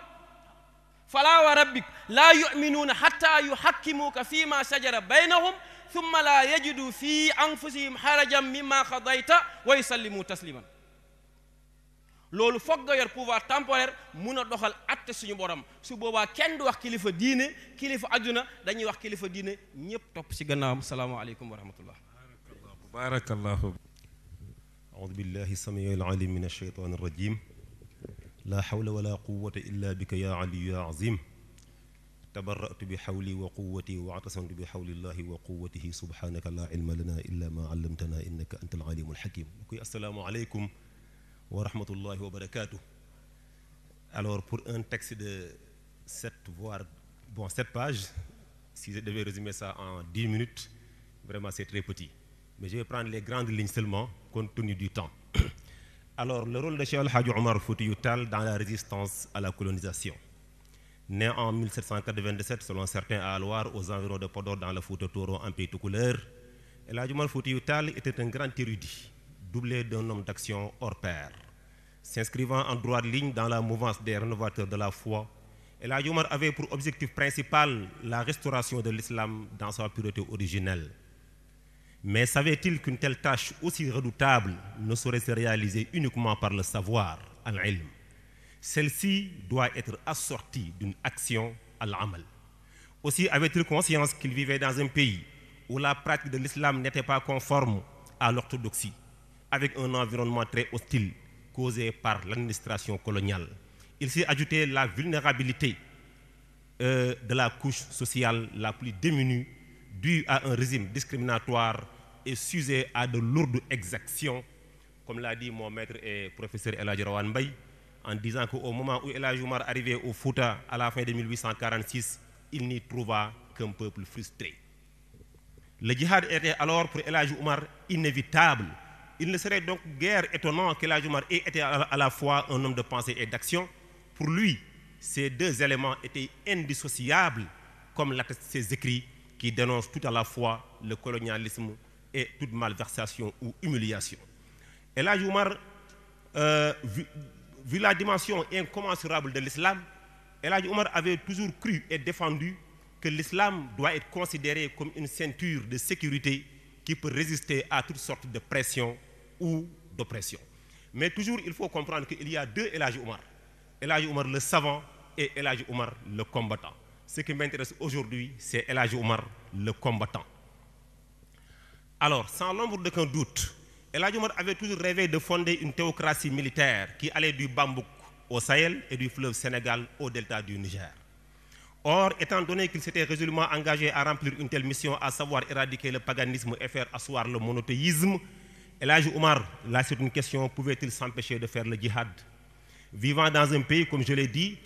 فلا وربك لا يؤمنون حتى يحكموك فيما شجر بينهم ثم لا يجدوا في انفسهم حرجا مما قضيت ويسلموا تسليما لولو فوك غير بوفوار تامبرال مونو دخل ات سيني بوروم سو بوبا كين دو واخ كليفه دينه كليفه ادنا داني واخ كليفه دينه نييب توب سي السلام عليكم ورحمه الله بارك الله أعوذ بالله السميع العليم من الشيطان الرجيم لا حول ولا قوة إلا بك يا علي يا عظيم تبرأت بحولي وقوتي واعتصمت بحول الله وقوته سبحانك لا علم لنا إلا ما علمتنا إنك أنت العليم الحكيم ok السلام عليكم ورحمة الله وبركاته alors pour un texte de sept voire bon sept pages si je devais résumer ça en dix minutes vraiment c'est très petit mais je vais prendre les grandes lignes seulement compte tenu du temps Alors, le rôle de Cheikh Al-Hajj Omar dans la résistance à la colonisation. Né en 1797, selon certains à Loire, aux environs de Podor, dans le Fouta Toro, en pays tout couleur, El Omar était un grand érudit, doublé d'un homme d'action hors pair. S'inscrivant en droite ligne dans la mouvance des rénovateurs de la foi, El Omar avait pour objectif principal la restauration de l'islam dans sa pureté originelle mais savait-il qu'une telle tâche aussi redoutable ne saurait se réaliser uniquement par le savoir, al-ilm Celle-ci doit être assortie d'une action, al-amal. Aussi avait-il conscience qu'il vivait dans un pays où la pratique de l'islam n'était pas conforme à l'orthodoxie, avec un environnement très hostile causé par l'administration coloniale. Il s'est ajouté la vulnérabilité euh, de la couche sociale la plus démunie dû à un régime discriminatoire et sujet à de lourdes exactions, comme l'a dit mon maître et professeur El Rawane en disant qu'au moment où Eladji Oumar arrivait au Fouta à la fin de 1846, il n'y trouva qu'un peuple frustré. Le djihad était alors pour Eladji Oumar inévitable. Il ne serait donc guère étonnant qu'Eladji Oumar ait été à la fois un homme de pensée et d'action. Pour lui, ces deux éléments étaient indissociables, comme l'attestent ses écrits qui dénonce tout à la fois le colonialisme et toute malversation ou humiliation. El là, euh, vu, la dimension incommensurable de l'islam, El Oumar avait toujours cru et défendu que l'islam doit être considéré comme une ceinture de sécurité qui peut résister à toutes sortes de pressions ou d'oppressions. Mais toujours, il faut comprendre qu'il y a deux El Omar. El Oumar le savant et El Oumar le combattant. Ce qui m'intéresse aujourd'hui, c'est El Omar, le combattant. Alors, sans l'ombre d'aucun doute, El Omar avait toujours rêvé de fonder une théocratie militaire qui allait du Bambouk au Sahel et du fleuve Sénégal au delta du Niger. Or, étant donné qu'il s'était résolument engagé à remplir une telle mission, à savoir éradiquer le paganisme et faire asseoir le monothéisme, El Omar, là c'est une question, pouvait-il s'empêcher de faire le djihad Vivant dans un pays, comme je l'ai dit,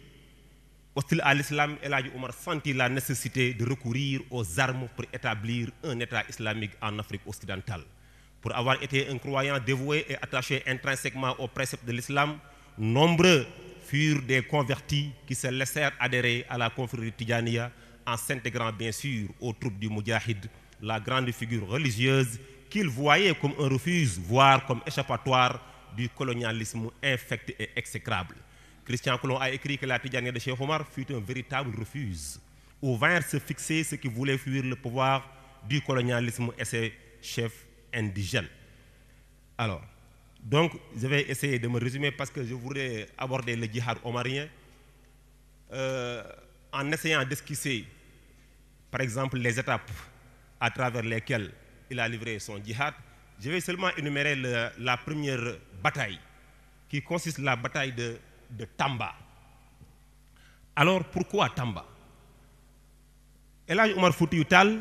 Hostile à l'islam, El Omar sentit la nécessité de recourir aux armes pour établir un État islamique en Afrique occidentale. Pour avoir été un croyant dévoué et attaché intrinsèquement aux préceptes de l'islam, nombreux furent des convertis qui se laissèrent adhérer à la confrérie Tijaniya en s'intégrant bien sûr aux troupes du Moudjahid, la grande figure religieuse qu'ils voyaient comme un refuge, voire comme échappatoire du colonialisme infect et exécrable. Christian Coulon a écrit que la tidiane de Cheikh Omar fut un véritable refuse où vinrent se fixer ceux qui voulaient fuir le pouvoir du colonialisme et ses chefs indigènes. Alors, donc, je vais essayer de me résumer parce que je voudrais aborder le djihad omarien euh, en essayant d'esquisser, par exemple, les étapes à travers lesquelles il a livré son djihad. Je vais seulement énumérer la première bataille qui consiste la bataille de de Tamba. Alors pourquoi Tamba là Omar Utal,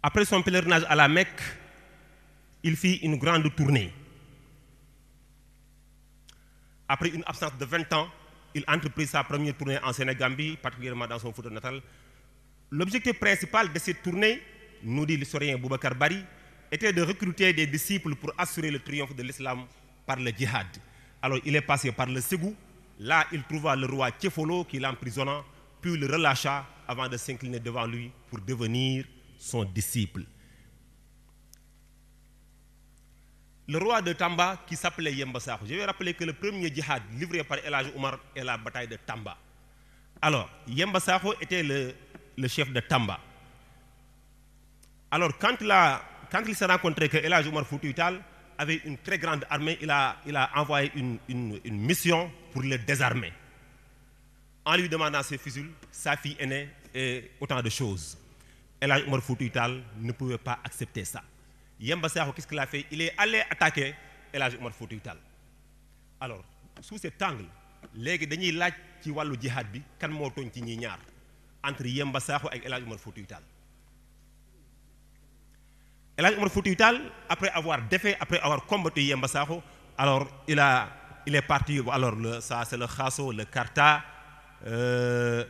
après son pèlerinage à la Mecque, il fit une grande tournée. Après une absence de 20 ans, il entreprit sa première tournée en Sénégambie, particulièrement dans son photo natal. L'objectif principal de cette tournée, nous dit l'historien Boubacar Bari, était de recruter des disciples pour assurer le triomphe de l'islam par le djihad. Alors il est passé par le Ségou. Là, il trouva le roi Tchefolo qui l'emprisonna, puis le relâcha avant de s'incliner devant lui pour devenir son disciple. Le roi de Tamba qui s'appelait Yembassar. Je vais rappeler que le premier djihad livré par Elhaj Omar est la bataille de Tamba. Alors, Saho était le, le chef de Tamba. Alors, quand la quand il s'est rencontré que Elhaj Omar Foutuital avait une très grande armée, il a, envoyé une, mission pour le désarmer. En lui demandant ses fusils, sa fille aînée et autant de choses. Elhaj Omar Foutuital ne pouvait pas accepter ça. Yemba qu'est-ce qu'il a fait Il est allé attaquer Elhaj Omar Foutuital. Alors, sous cet angle, les dañuy qui qui ont le bi kan moo ont ci ñi entre Yemba Sakho et El Omar El Omar Foutiyou après avoir défait après avoir combattu Yemba alors il est parti alors ça c'est le Khasso le Karta euh,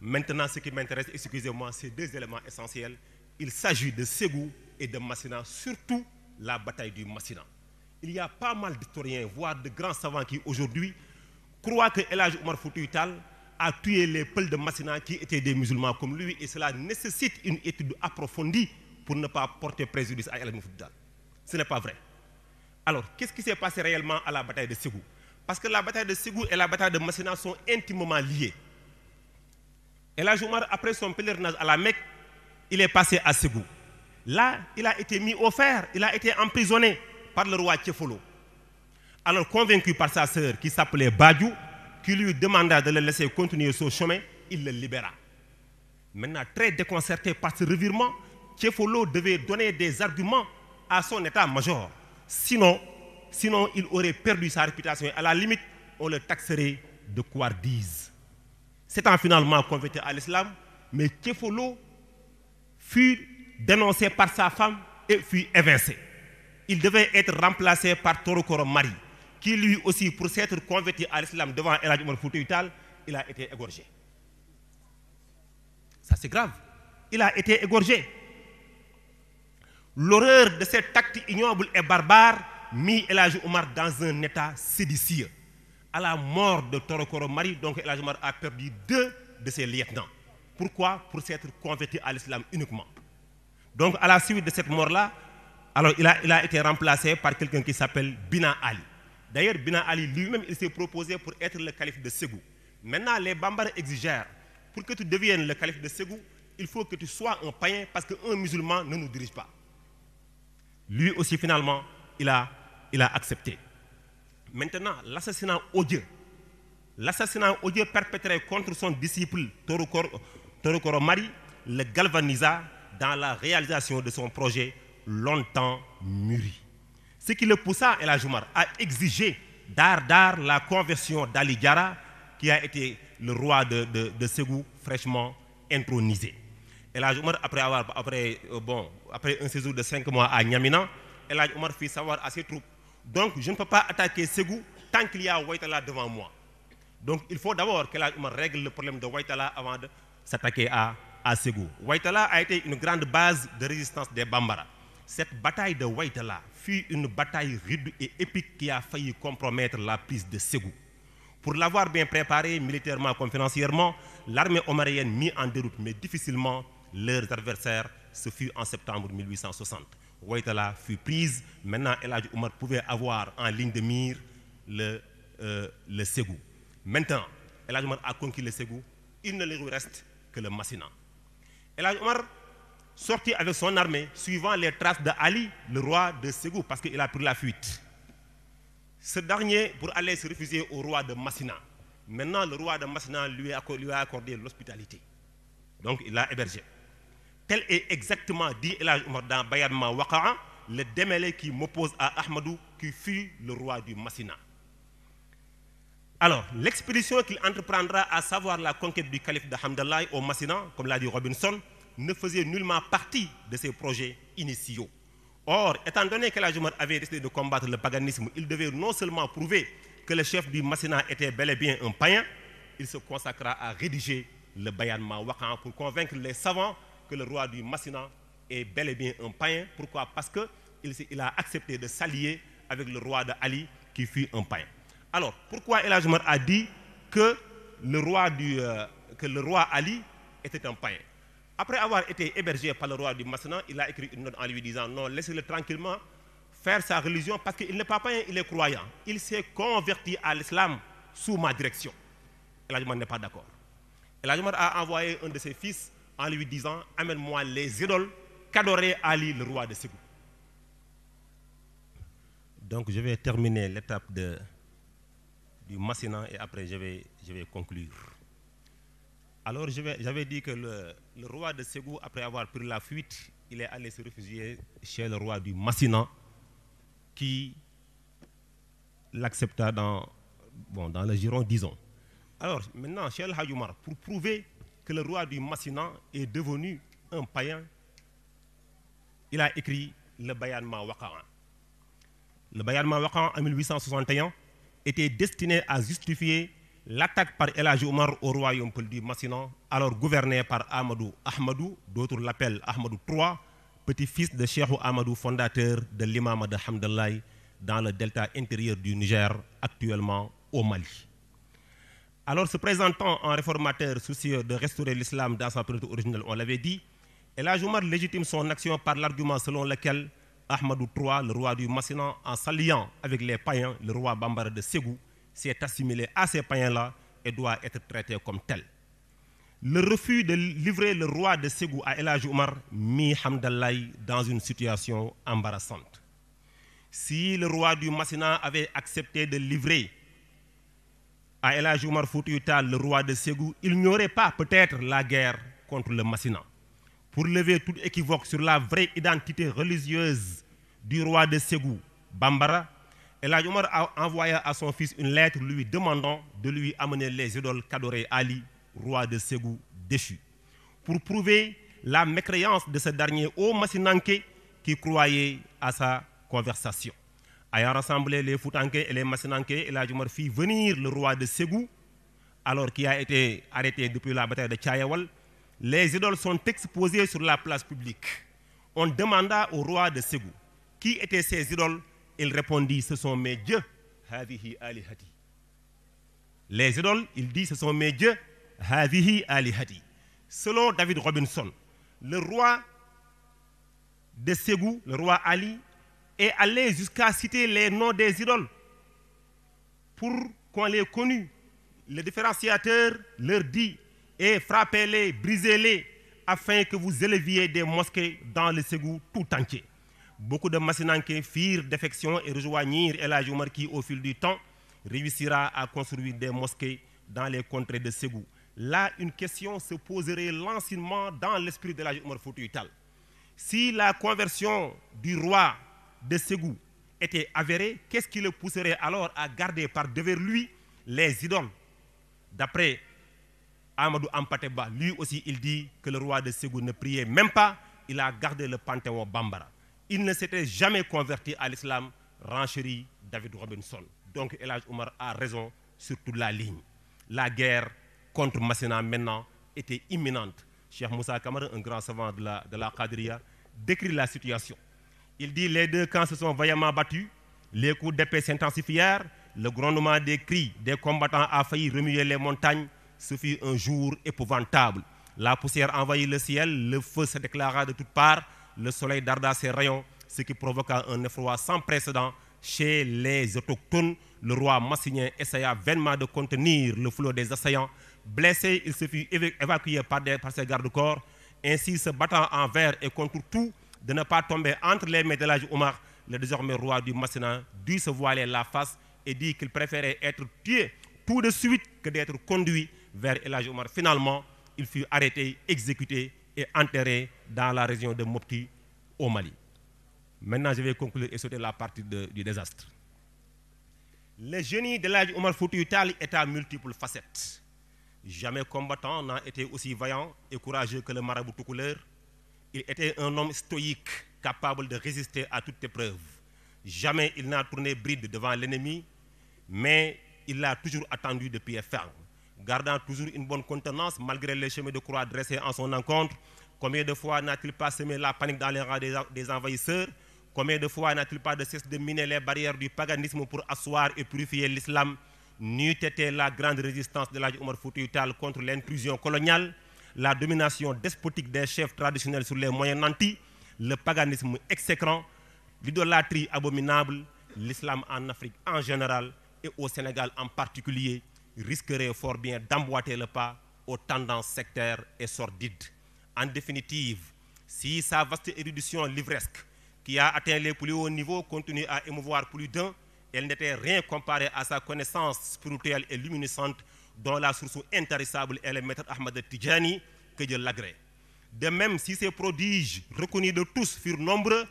maintenant ce qui m'intéresse excusez-moi c'est deux éléments essentiels il s'agit de Ségou et de Massina surtout la bataille du Massina il y a pas mal d'historiens voire de grands savants qui aujourd'hui croient que El Omar Foutiyou a tué les peuples de Massina qui étaient des musulmans comme lui et cela nécessite une étude approfondie pour ne pas porter préjudice à El Moufoudal. Ce n'est pas vrai. Alors, qu'est-ce qui s'est passé réellement à la bataille de Ségou Parce que la bataille de Ségou et la bataille de Massina sont intimement liées. Et là, après son pèlerinage à la Mecque, il est passé à Ségou. Là, il a été mis au fer, il a été emprisonné par le roi Tchefolo. Alors, convaincu par sa sœur qui s'appelait Badiou, qui lui demanda de le laisser continuer son chemin, il le libéra. Maintenant, très déconcerté par ce revirement, Kefolo devait donner des arguments à son état-major. Sinon, sinon, il aurait perdu sa réputation. À la limite, on le taxerait de couardise. S'étant finalement converti à l'islam, mais Kefolo fut dénoncé par sa femme et fut évincé. Il devait être remplacé par Torokoro Mari, qui lui aussi, pour s'être converti à l'islam devant Eladj Omar il a été égorgé. Ça, c'est grave. Il a été égorgé l'horreur de cet acte ignoble et barbare mit El Omar dans un état séditieux. À la mort de Torokoro Mari, donc Ajoumar Omar a perdu deux de ses lieutenants. Pourquoi Pour s'être converti à l'islam uniquement. Donc à la suite de cette mort-là, alors il a, il a été remplacé par quelqu'un qui s'appelle Bina Ali. D'ailleurs, Bina Ali lui-même, il s'est proposé pour être le calife de Ségou. Maintenant, les Bambars exigèrent, pour que tu deviennes le calife de Ségou, il faut que tu sois un païen parce qu'un musulman ne nous dirige pas. Lui aussi, finalement, il a, accepté. Maintenant, l'assassinat odieux, l'assassinat odieux perpétré contre son disciple Torokoro Mari le galvanisa dans la réalisation de son projet longtemps mûri. Ce qui le poussa, El Ajumar, à exiger d'Ardar la conversion d'Ali Gara, qui a été le roi de, de Ségou fraîchement intronisé. El Hadj Omar après avoir après euh, bon après un séjour de 5 mois à Niamina El Hadj Omar fit savoir à ses troupes donc je ne peux pas attaquer Ségou tant qu'il y a Waitala devant moi donc il faut d'abord que El Omar règle le problème de Waitala avant de s'attaquer à à Ségou Waitala a été une grande base de résistance des Bambara cette bataille de Waitala fut une bataille rude et épique qui a failli compromettre la piste de Ségou pour l'avoir bien préparée militairement comme financièrement l'armée omarienne mit en déroute mais difficilement leurs adversaires, ce fut en septembre 1860. Ouattara fut prise. Maintenant, El pouvait avoir en ligne de mire le, euh, le Ségou. Maintenant, El a conquis le Ségou. Il ne lui reste que le Massina. El sortit avec son armée, suivant les traces de le roi de Ségou, parce qu'il a pris la fuite. Ce dernier, pour aller se réfugier au roi de Massina. Maintenant, le roi de Massina lui a accordé l'hospitalité. Donc, il l'a hébergé. Tel est exactement dit El dans le démêlé qui m'oppose à Ahmadou, qui fut le roi du Massina. Alors, l'expédition qu'il entreprendra, à savoir la conquête du calife de Hamdallah au Massina, comme l'a dit Robinson, ne faisait nullement partie de ses projets initiaux. Or, étant donné que la Jumar avait décidé de combattre le paganisme, il devait non seulement prouver que le chef du Massina était bel et bien un païen, il se consacra à rédiger le Bayan Mawakan pour convaincre les savants que le roi du Massina est bel et bien un païen. Pourquoi Parce qu'il a accepté de s'allier avec le roi d'Ali, qui fut un païen. Alors, pourquoi El a dit euh, que le roi, Ali était un païen Après avoir été hébergé par le roi du Massina, il a écrit une note en lui disant Non, laissez-le tranquillement faire sa religion parce qu'il n'est pas païen, il est croyant. Il s'est converti à l'islam sous ma direction. El n'est pas d'accord. El a envoyé un de ses fils en lui disant Amène-moi les idoles qu'adorait Ali, le roi de Ségou. Donc je vais terminer l'étape du Massina et après je vais, je vais conclure. Alors j'avais dit que le, roi de Ségou, après avoir pris la fuite, il est allé se réfugier chez le roi du Massina qui l'accepta dans, bon, dans le giron, disons. Alors maintenant, chez le Hayoumar, pour prouver que le roi du Massina est devenu un païen, il a écrit le Bayan Mawaka'an. Le Bayan Mawaka'an en 1861 était destiné à justifier l'attaque par El au royaume du Massina, alors gouverné par Ahmadou Ahmadou, d'autres l'appellent Ahmadou III, petit-fils de Cheikh Ahmadou, fondateur de l'imam de dans le delta intérieur du Niger, actuellement au Mali. Alors, se présentant en réformateur soucieux de restaurer l'islam dans sa période originale, on l'avait dit, El Omar légitime son action par l'argument selon lequel Ahmadou III, le roi du Massina en s'alliant avec les païens, le roi Bambara de Ségou, s'est assimilé à ces païens-là et doit être traité comme tel. Le refus de livrer le roi de Ségou à El Omar mit Hamdallahi dans une situation embarrassante. Si le roi du Massina avait accepté de livrer à El Ajoumar le roi de Ségou, il n'y aurait pas peut-être la guerre contre le Massina. Pour lever tout équivoque sur la vraie identité religieuse du roi de Ségou, Bambara, El a envoyé à son fils une lettre lui demandant de lui amener les idoles qu'adorait Ali, roi de Ségou déchu, pour prouver la mécréance de ce dernier au Massinanké qui croyait à sa conversation ayant rassemblé les Foutanké et les masinanké, il a fit venir le roi de Ségou, alors qu'il a été arrêté depuis la bataille de Chayawal, Les idoles sont exposées sur la place publique. On demanda au roi de Ségou qui étaient ces idoles. Il répondit Ce sont mes dieux. Les idoles, il dit Ce sont mes dieux. Selon David Robinson, le roi de Ségou, le roi Ali, et aller jusqu'à citer les noms des idoles pour qu'on les connu, Le différenciateur leur dit et eh, frappez-les, brisez-les, afin que vous éleviez des mosquées dans le Ségou tout entier. Beaucoup de massinanké firent défection et rejoignirent la qui au fil du temps, réussira à construire des mosquées dans les contrées de Ségou. Là, une question se poserait lancinement dans l'esprit de la Foutuital. Si la conversion du roi de Ségou était avéré, qu'est-ce qui le pousserait alors à garder par devers lui les idoles D'après Amadou Ampateba, lui aussi, il dit que le roi de Ségou ne priait même pas, il a gardé le panthéon Bambara. Il ne s'était jamais converti à l'islam, renchérit David Robinson. Donc Elage Omar a raison sur toute la ligne. La guerre contre Massena maintenant était imminente. Cheikh Moussa Kamara, un grand savant de la, de la décrit la situation. Il dit les deux camps se sont vaillamment battus, les coups d'épée s'intensifièrent, le grondement des cris des combattants a failli remuer les montagnes. Ce fut un jour épouvantable. La poussière envahit le ciel, le feu se déclara de toutes parts, le soleil darda ses rayons, ce qui provoqua un effroi sans précédent chez les autochtones. Le roi Massignan essaya vainement de contenir le flot des assaillants. Blessé, il se fut évacué par, par ses gardes-corps. Ainsi, se battant envers et contre tout, de ne pas tomber entre les mains de l'âge Oumar, le désormais roi du Masséna, dut se voiler la face et dit qu'il préférait être tué tout de suite que d'être conduit vers l'âge Oumar. Finalement, il fut arrêté, exécuté et enterré dans la région de Mopti au Mali. Maintenant, je vais conclure et sauter la partie du désastre. Le génie de l'âge Omar Foutu est à multiples facettes. Jamais combattant n'a été aussi vaillant et courageux que le marabout couleur il était un homme stoïque, capable de résister à toute épreuve. Jamais il n'a tourné bride devant l'ennemi, mais il l'a toujours attendu de pied ferme, gardant toujours une bonne contenance malgré les chemins de croix dressés en son encontre. Combien de fois n'a-t-il pas semé la panique dans les rangs des envahisseurs Combien de fois n'a-t-il pas de de miner les barrières du paganisme pour asseoir et purifier l'islam N'eût été la grande résistance de l'âge Omar Foutuital contre l'intrusion coloniale la domination despotique des chefs traditionnels sur les moyens nantis, le paganisme exécrant, l'idolâtrie abominable, l'islam en Afrique en général et au Sénégal en particulier risquerait fort bien d'emboîter le pas aux tendances sectaires et sordides. En définitive, si sa vaste érudition livresque qui a atteint les plus hauts niveaux continue à émouvoir plus d'un, elle n'était rien comparée à sa connaissance spirituelle et luminescente dont la source intarissable est le maître Ahmad Tijani, que je l'agrée. De même, si ces prodiges reconnus de tous furent nombreux,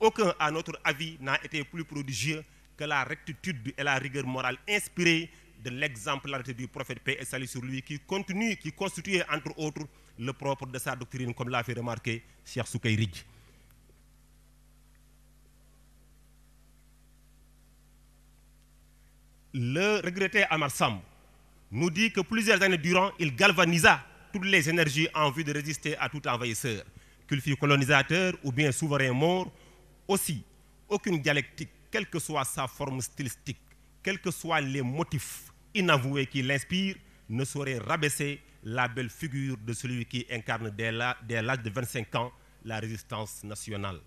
aucun, à notre avis, n'a été plus prodigieux que la rectitude et la rigueur morale inspirée de l'exemplarité du prophète paix et salut sur lui, qui continue, qui constituait entre autres le propre de sa doctrine, comme l'a fait remarquer Cheikh Soukayrij. Le regretté Amar nous dit que plusieurs années durant, il galvanisa toutes les énergies en vue de résister à tout envahisseur, qu'il fût colonisateur ou bien souverain mort. Aussi, aucune dialectique, quelle que soit sa forme stylistique, quels que soient les motifs inavoués qui l'inspirent, ne saurait rabaisser la belle figure de celui qui incarne dès l'âge de 25 ans la résistance nationale.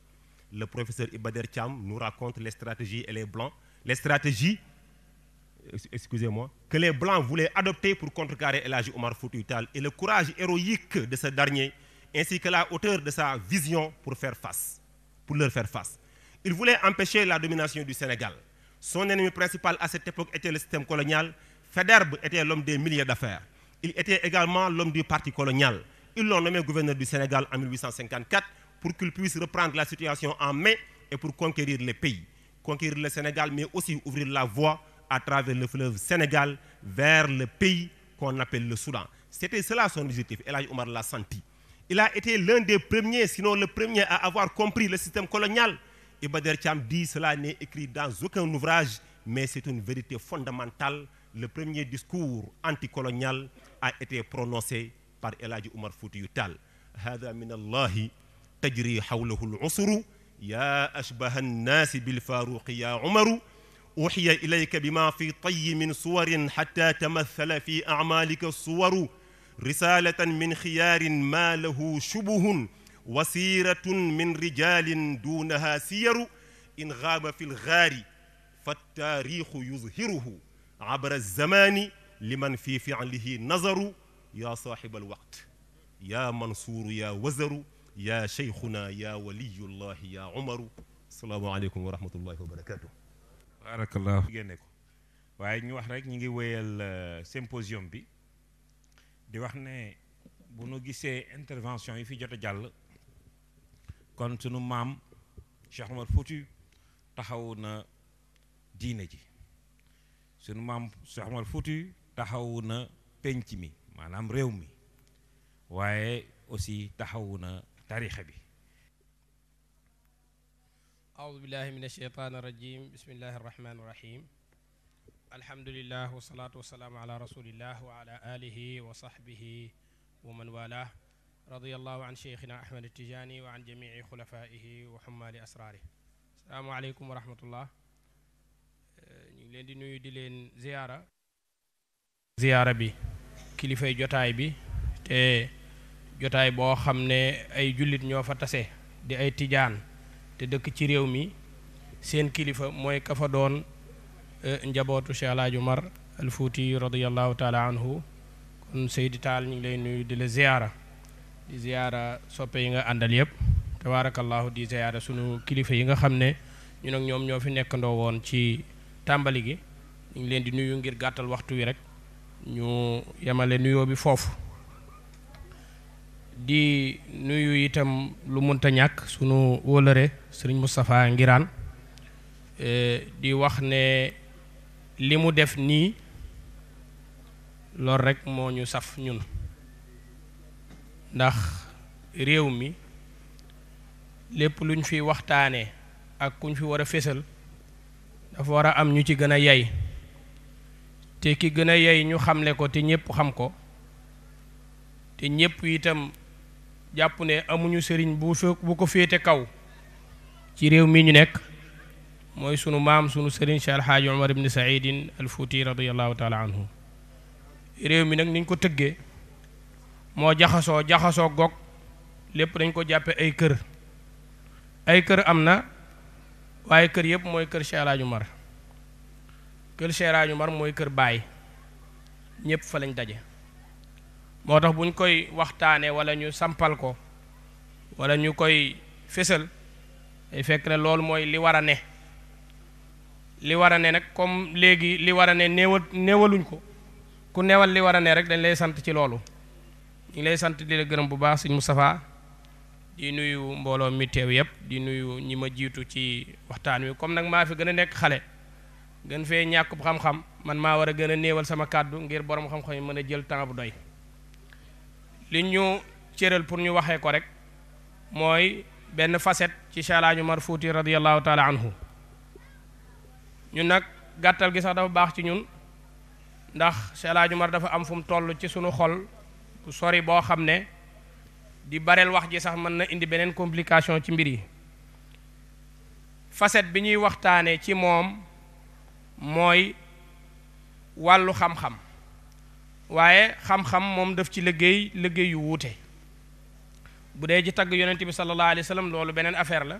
Le professeur Ibader Cham nous raconte les stratégies et les blancs, les stratégies excusez-moi, que les Blancs voulaient adopter pour contrecarrer Elagi Omar Foutuital et le courage héroïque de ce dernier, ainsi que la hauteur de sa vision pour faire face, pour leur faire face. Il voulait empêcher la domination du Sénégal. Son ennemi principal à cette époque était le système colonial. Federbe était l'homme des milliers d'affaires. Il était également l'homme du parti colonial. Ils l'ont nommé gouverneur du Sénégal en 1854 pour qu'il puisse reprendre la situation en main et pour conquérir les pays. Conquérir le Sénégal, mais aussi ouvrir la voie à travers le fleuve Sénégal vers le pays qu'on appelle le Soudan. C'était cela son objectif. El Omar l'a senti. Il a été l'un des premiers, sinon le premier, à avoir compris le système colonial. Et Bader Cham dit cela n'est écrit dans aucun ouvrage, mais c'est une vérité fondamentale. Le premier discours anticolonial a été prononcé par El Omar Fouti أوحي إليك بما في طي من صور حتى تمثل في أعمالك الصور رسالة من خيار ما له شبه وسيرة من رجال دونها سير إن غاب في الغار فالتاريخ يظهره عبر الزمان لمن في فعله نظر يا صاحب الوقت يا منصور يا وزر يا شيخنا يا ولي الله يا عمر السلام عليكم ورحمة الله وبركاته baarakallah génne ko waaye ñu wax rek ñu ngi wéyal euh, symposium bi di wax ne bu nu gisee intervention yi fi jot a jàll kon sunu maam Cheikh Omar Fouti taxawu na diine ji sunu maam Cheikh Omar Fouti taxawu na penc mi maanaam réew mi waaye aussi taxawu na tariixa bi أعوذ بالله من الشيطان الرجيم بسم الله الرحمن الرحيم الحمد لله والصلاة والسلام على رسول الله وعلى آله وصحبه ومن والاه رضي الله عن شيخنا أحمد التجاني وعن جميع خلفائه وحمال أسراره السلام عليكم ورحمة الله ñu di زيارة زيارة بي ziyaara جوتاي بي جوتاي jotaay bi te jotaay boo xam ne ay jullit te dëkk ci réew mi seen kilifa mooy ka doon eh, njabootu Cheikh El Hadj Umar al Fuuti radiyallahu taala anhu kon Seydi Taal ñu ngi lay nuyu di la ziyaara di ziyaara soppe yi nga àndal yëpp tabaarakallahu di ziyaara sunu kilifa yi nga xam ne ñun ak ñoom ñoo fi nekkandoo woon ci tàmbali gi ñu ngi leen di nuyu ngir gàttal waxtu wi rek ñu yemale nuyoo bi foofu di nuyu itam lu munta ñàkk sunu wóolëre sëriñ Moustapha Ngiraan e, di wax ne li mu def nii loolu rekk moo ñu saf ñun ndax réew mi lépp luñ fi waxtaanee ak kuñ fi war a fésal dafa war am ñu ci gën a yay te ki gën a yay ñu xamle ko te ñépp xam ko te ñépp itam jàpp ne amuñu sëriñ bu bu ko féete kaw ci réew mii ñu nekk mooy sunu maam sunu sëriñ Cheikh Alxaaji Omar ibn Saïdin fuuti radiallahu taala anhu réew mi nag niñ ko tëggee moo jaxasoo jaxasoo goog lépp dañ ko jàppe ay kër ay kër am na waaye kër yëpp mooy kër Cheikh mar Omar kër Cheikh Alxaaji mooy kër baay ñëpp fa lañ daje moo tax buñ koy waxtaanee wala ñu sampal ko wala ñu koy fësal day fekk ne loolu mooy li war a ne li war a ne nag comme léegi li war a ne néewal néewaluñ ko ku newal li war a ne rek dañ lay sant ci loolu ñu lay sant di la gërëm bu baax sëñ Moustapha di nuyu mbooloo mi teew yëpp di nuyu ñi ma jiitu ci waxtaan wi comme nag maa fi gën a nekk xale gën fee ñàkk xam-xam man maa war a gën a néewal sama kàddu ngir borom xam-xam yi mën a jël temps bu doy li ñu cëral pour ñu waxee ko rek mooy benn facette ci Cheikh Umar Fuuti radiyallahu taala anhu ñu nag gàttal gi sax dafa baax ci ñun ndax Cheikh Umar dafa am fu mu toll ci sunu xol bu sori boo xam ne di bareel wax ji sax mën na indi beneen complication ci mbir yi facette bi ñuy waxtaanee ci moom mooy wàllu xam-xam waaye xam-xam moom def ci liggéey liggéey yu wuute bu dee ci tagg yonent bi sallallahu alayhi wa sallam loolu beneen affaire la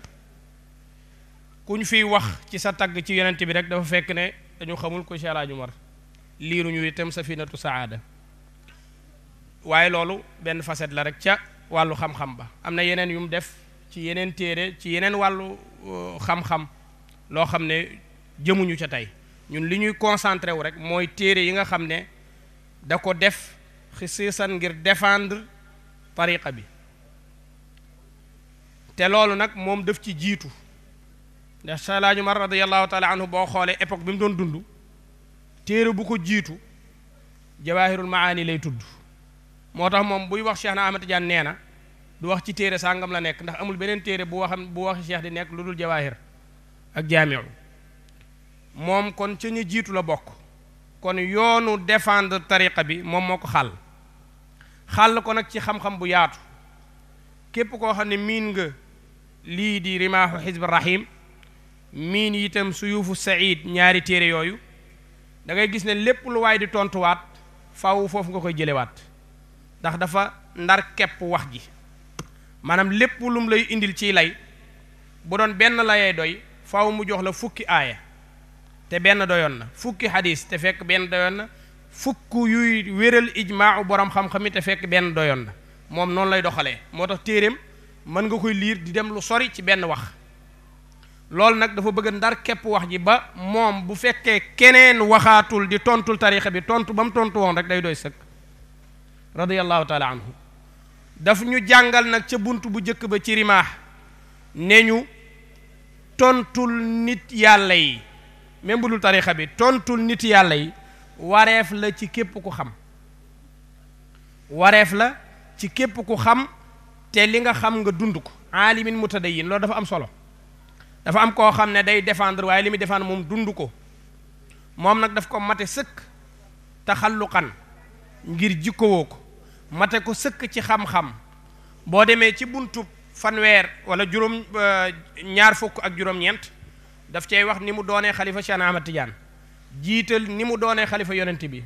kuñ fiy wax ci sa tagg ci yonent bi rek dafa fekk ne dañu xamul ko Cheikh Alaaji Umar ñu itam safinatu saada waaye loolu benn facette la rek ca wàllu xam-xam ba am na yeneen yu mu def ci yeneen téere ci yeneen wàllu uh, xam-xam loo xam ne jëmuñu ca tey ñun li ñuy concentré wu rek mooy téere yi nga xam ne da ko def xisiisan ngir défendre tariqa bi te loolu nag moom daf ci jiitu ndax Saalaaj Umar radiyallahu taala anhu boo xoolee époque bi mu doon dund bu ko jiitu jawaahirul maani lay tudd moo tax moom buy wax Cheikh na Ahmad Tidiane nee na du wax ci téere sàngam la nekk ndax amul beneen téere bu waxam bu wax Cheikh di nekk lu dul ak jaamiu moom kon ca ñu jiitu la bokk kon yoonu défendre tariqa bi moom moo ko xàll xàll ko nag ci xam-xam bu yaatu képp koo xam ne miin nga lii di rimaaxu xisb rahim miin itam suyuufu saïd ñaari téere yooyu dangay gis ne lépp lu waay di tontuwaat faw foofu nga koy jëlewaat ndax dafa ndar kepp wax ji maanaam lépp lum lay indil ciy lay bu doon benn layay doy faw mu jox la fukki aaya te benn doyoon na fukki xadis te fekk benn doyoon na fukk yuy wéral ijmaau borom xam-xam yi te fekk benn doyoon na moom noonu lay doxalee moo tax téereem mën nga koy liir di dem lu sori ci benn wax loolu nag dafa bëgg ndar képp wax ji ba moom bu fekkee keneen waxaatul di tontul tarixa bi tontu ba mu tontu woon rek day doy sëkk radiyallahu taala anhu daf ñu jàngal nag ca bunt bu jëkk ba ci rimaax ne ñu tontul nit yàlla yi même bu dul tarixa bi tontul nit yàlla yi wareef la ci képp ko xam wareef la ci képp ku xam te li nga xam nga dund ko aalimin mutadayin loolu dafa am solo dafa am koo xam ne day défendre waaye li muy défendre moom dund ko moom nag daf ko mate sëkk taxalluqan ngir jikkowoo ko mate ko sëkk ci xam-xam boo demee ci buntu fanweer wala juróom euh, ñaar fukk ak juróom-ñeent daf cey wax ni mu doone khalifa Cheikh Ahmad Tidiane jital ni mu doone khalifa yonent bi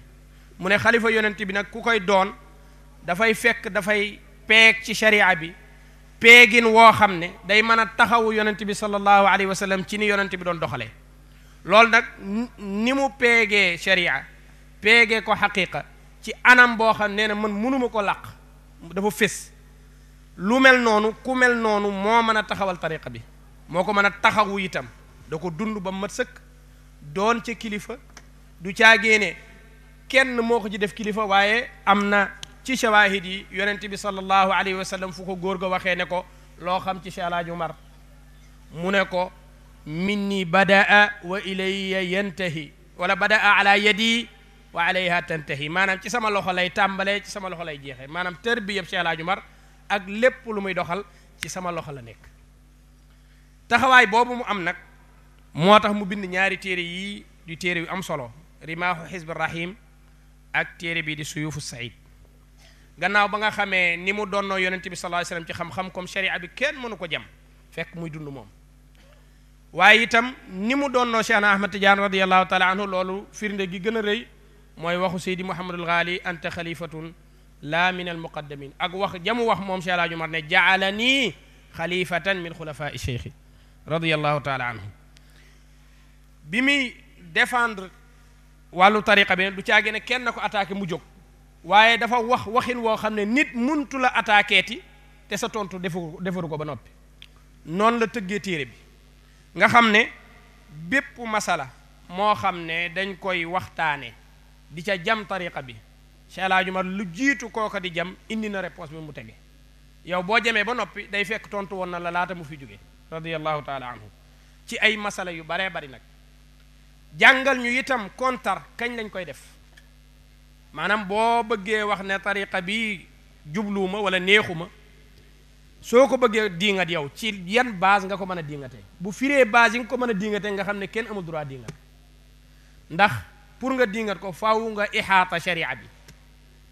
mu ne xalifa yonent bi nak ku koy fay fek da fay peg ci sharia bi pegin wo xamne day meuna taxawu yonent bi sallallahu alayhi wa sallam ci ni yonent bi don doxale lol nak ni mu peegee sharia pegé ko haqiqa ci anam bo xamne ne man munuma ko làq dafa fess lu mel nonu ku mel nonu mo meuna taxawal tariqa bi moko meuna taxawu itam da ko dund ba mat sëkk doon ci kilifa du caagéene kenn moo ko ci def kilifa waaye am na ci shawaahid yi yonent bi sallallahu alayhi wa sallam fu ko góor ga waxee ne ko loo xam ci Cheikh El mar mu ne ko minni badaa wa ilayya yantahi wala badaa ala yadi wa alayha tantahi maanaam ci sama loxo lay tàmbalee ci sama loxo lay jeexee maanaam tër bi yëpp Cheikh El Hadj ak lépp lu muy doxal ci sama loxo la nekk taxawaay boobu mu am nag motax mu bind ñaari téré yi di téré yu am solo rimahu xisbi rahim ak téré bi di suyufu saïd gannaaw ba nga xamé ni mu donno yonnati bi sallallahu alayhi wasallam ci xam-xam comme sharia bi kenn mënu ko jam fekk muy dund mom waye itam ni mu donnoo Cheikhna Ahmad Tidiane radiyallahu taala anhu loolu firnde gi gëna reey moy waxu sayyidi muhammad al Ghali anta khalifatun la min al muqaddamin ak wax jamu wax mom Cheikh Alaaji Umar ne jaalani khalifatan min khulafa'i shaykhi radiyallahu taala anhu bi muy défendre wàllu tariqa bi du caagee ne kenn ko attaqué mu jog waaye dafa wax waxin woo xam ne nit muntu la attaqué ti te sa tontu defu defaru ko ba noppi noonu la tëggee téere bi nga xam ne bépp masala moo xam ne dañ koy waxtaane di ca jam tariqa bi Cheikh El Hadj Omar lu jiitu kooka di jam indi na réponse bi mu tege yow boo jamee ba noppi day fekk tontu woon na la laata mu fi jóge radiyallahu taala anhu ci ay masala yu baree bari nag jangal ñu itam kontar kañ lañ koy def manam bo bëggee wax né tariqa bi jubluuma wala neexuma soko ko bëggee diingat yow ci yan base nga ko mëna a bu firé base nga ko mëna a nga xamné ne kenn amul droit diingat ndax pour nga diingat ko faaw nga ihata sharia bi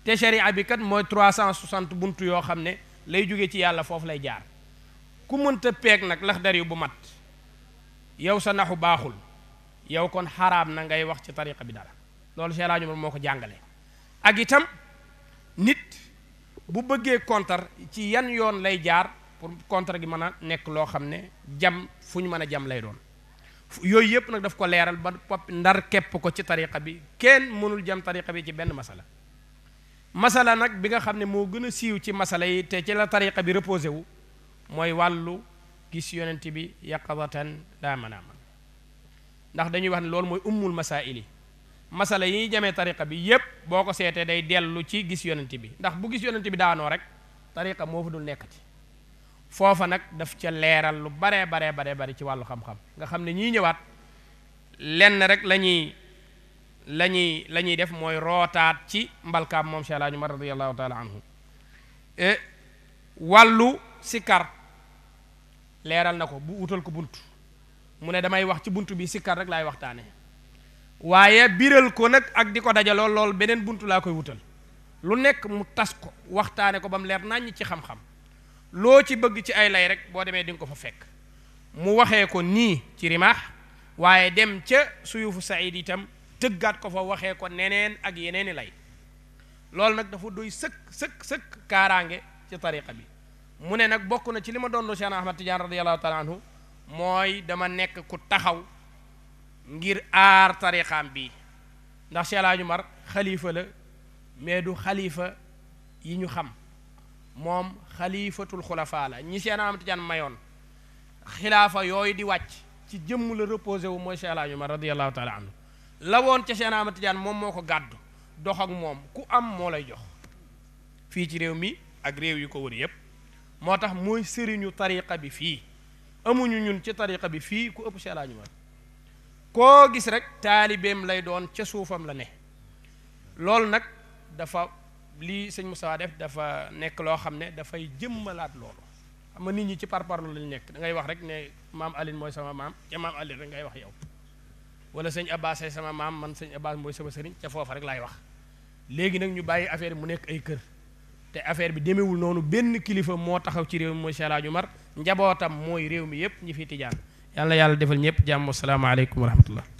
te sharia bi kat moy 360 buntu yo xamné lay jóge ci yalla fofu lay jaar ku ta pek nak lax dar yu bu mat yow sa naxu yow kon xaraam na ngay wax ci tariqa bi dara loolu Cheikh Alaaji Umar moo ko jàngale ak itam nit bu bëggee contre ci yan yoon lay jaar pour contre gi mën a nekk loo xam ne jam fu ñu mën a jam lay doon yooyu yëpp nag daf ko leeral ba pop ndar képp ko ci tariqa bi kenn mënul jam tariqa bi ci benn masala masala nag bi nga xam ne moo gën a siiw ci masala yi te ci la tariqa bi reposé wu mooy wàllu gis yonent bi yaqadatan daa a am ndax dañuy wax lool moy mooy ummul masaili masala yi jame tariqa bi yep boko sété day delu ci gis yonenti bi ndax bu gis yonenti bi daano rek tariqa mo fudul nekati fofa nak daf ci leral lu bare bare bare bare ci walu xam-xam nga xam ñëwaat rek la lañuy la def moy rootaat ci mbalka mom Cheikh Alaaji mar radiyallahu taala anhu eh, walu sikar leral nako bu utal ko buntu mu ne damay wax ci buntu bi sikkar rek lay waxtane waye biral ko nak ak di dajalo lol benen buntu la koy wutal lu nek mu tas ko waxtane ko bam leer nañ ci xam-xam lo ci bëgg ci ay lay rek bo ding ko fa fekk mu waxé ko nii ci rimah waye dem ci suyufu sa'id itam teggat ko fa waxé ko neneen ak yeneeni lay sik sik dafa doy seuk seuk seuk karange ci tariqa bi mu ne na ci lima doon cheikh ahmad tidiane radiyallahu taala anhu mooy dama nekk ku taxaw ngir aar tariqaam bi ndax Cheikh Alaaji Umar la mais du xalifa yi ñu xam moom xalifatul xulafaa la ñi Cheikh Ahmad Tijaan mayoon xilaafa yooyu di wàcc ci jëmm la reposé wu mooy Cheikh Alaaji Umar radiyallahu taala anhu la woon ca Cheikh Ahmad Tijaan moom moo ko gàddu dox ak moom ku am moo lay jox fii ci réew mi ak réew yu ko wër yépp moo tax mooy sëriñu tariqa bi fii amuñu ñun ci tariqa bi fii ku ëpp si alaaji ma koo gis rek taalibeem lay doon ca suufam la ne loolu nag dafa lii sëñ Moussa def dafa nekk loo xam ne dafay jëmmalaat loolu xam nga nit ñi ci parparlo lañ nekk dangay wax rek ne maam alin mooy sama maam ca maam Aline rek ngay wax yow wala sëñ Abbas ay sama maam man sëñ Abbas mooy sama sëriñ ca foofa rek lay wax léegi nag ñu bàyyi affaire mu nekk ay kër te affaire bi demewul noonu benn kilifa moo taxaw ci réew mi mooy Cheikh El njabootam mooy réew mi yëpp ñi fiy tijaan yàlla yàlla defal ñëpp jàmm salaamaaleykum wa rahmatullah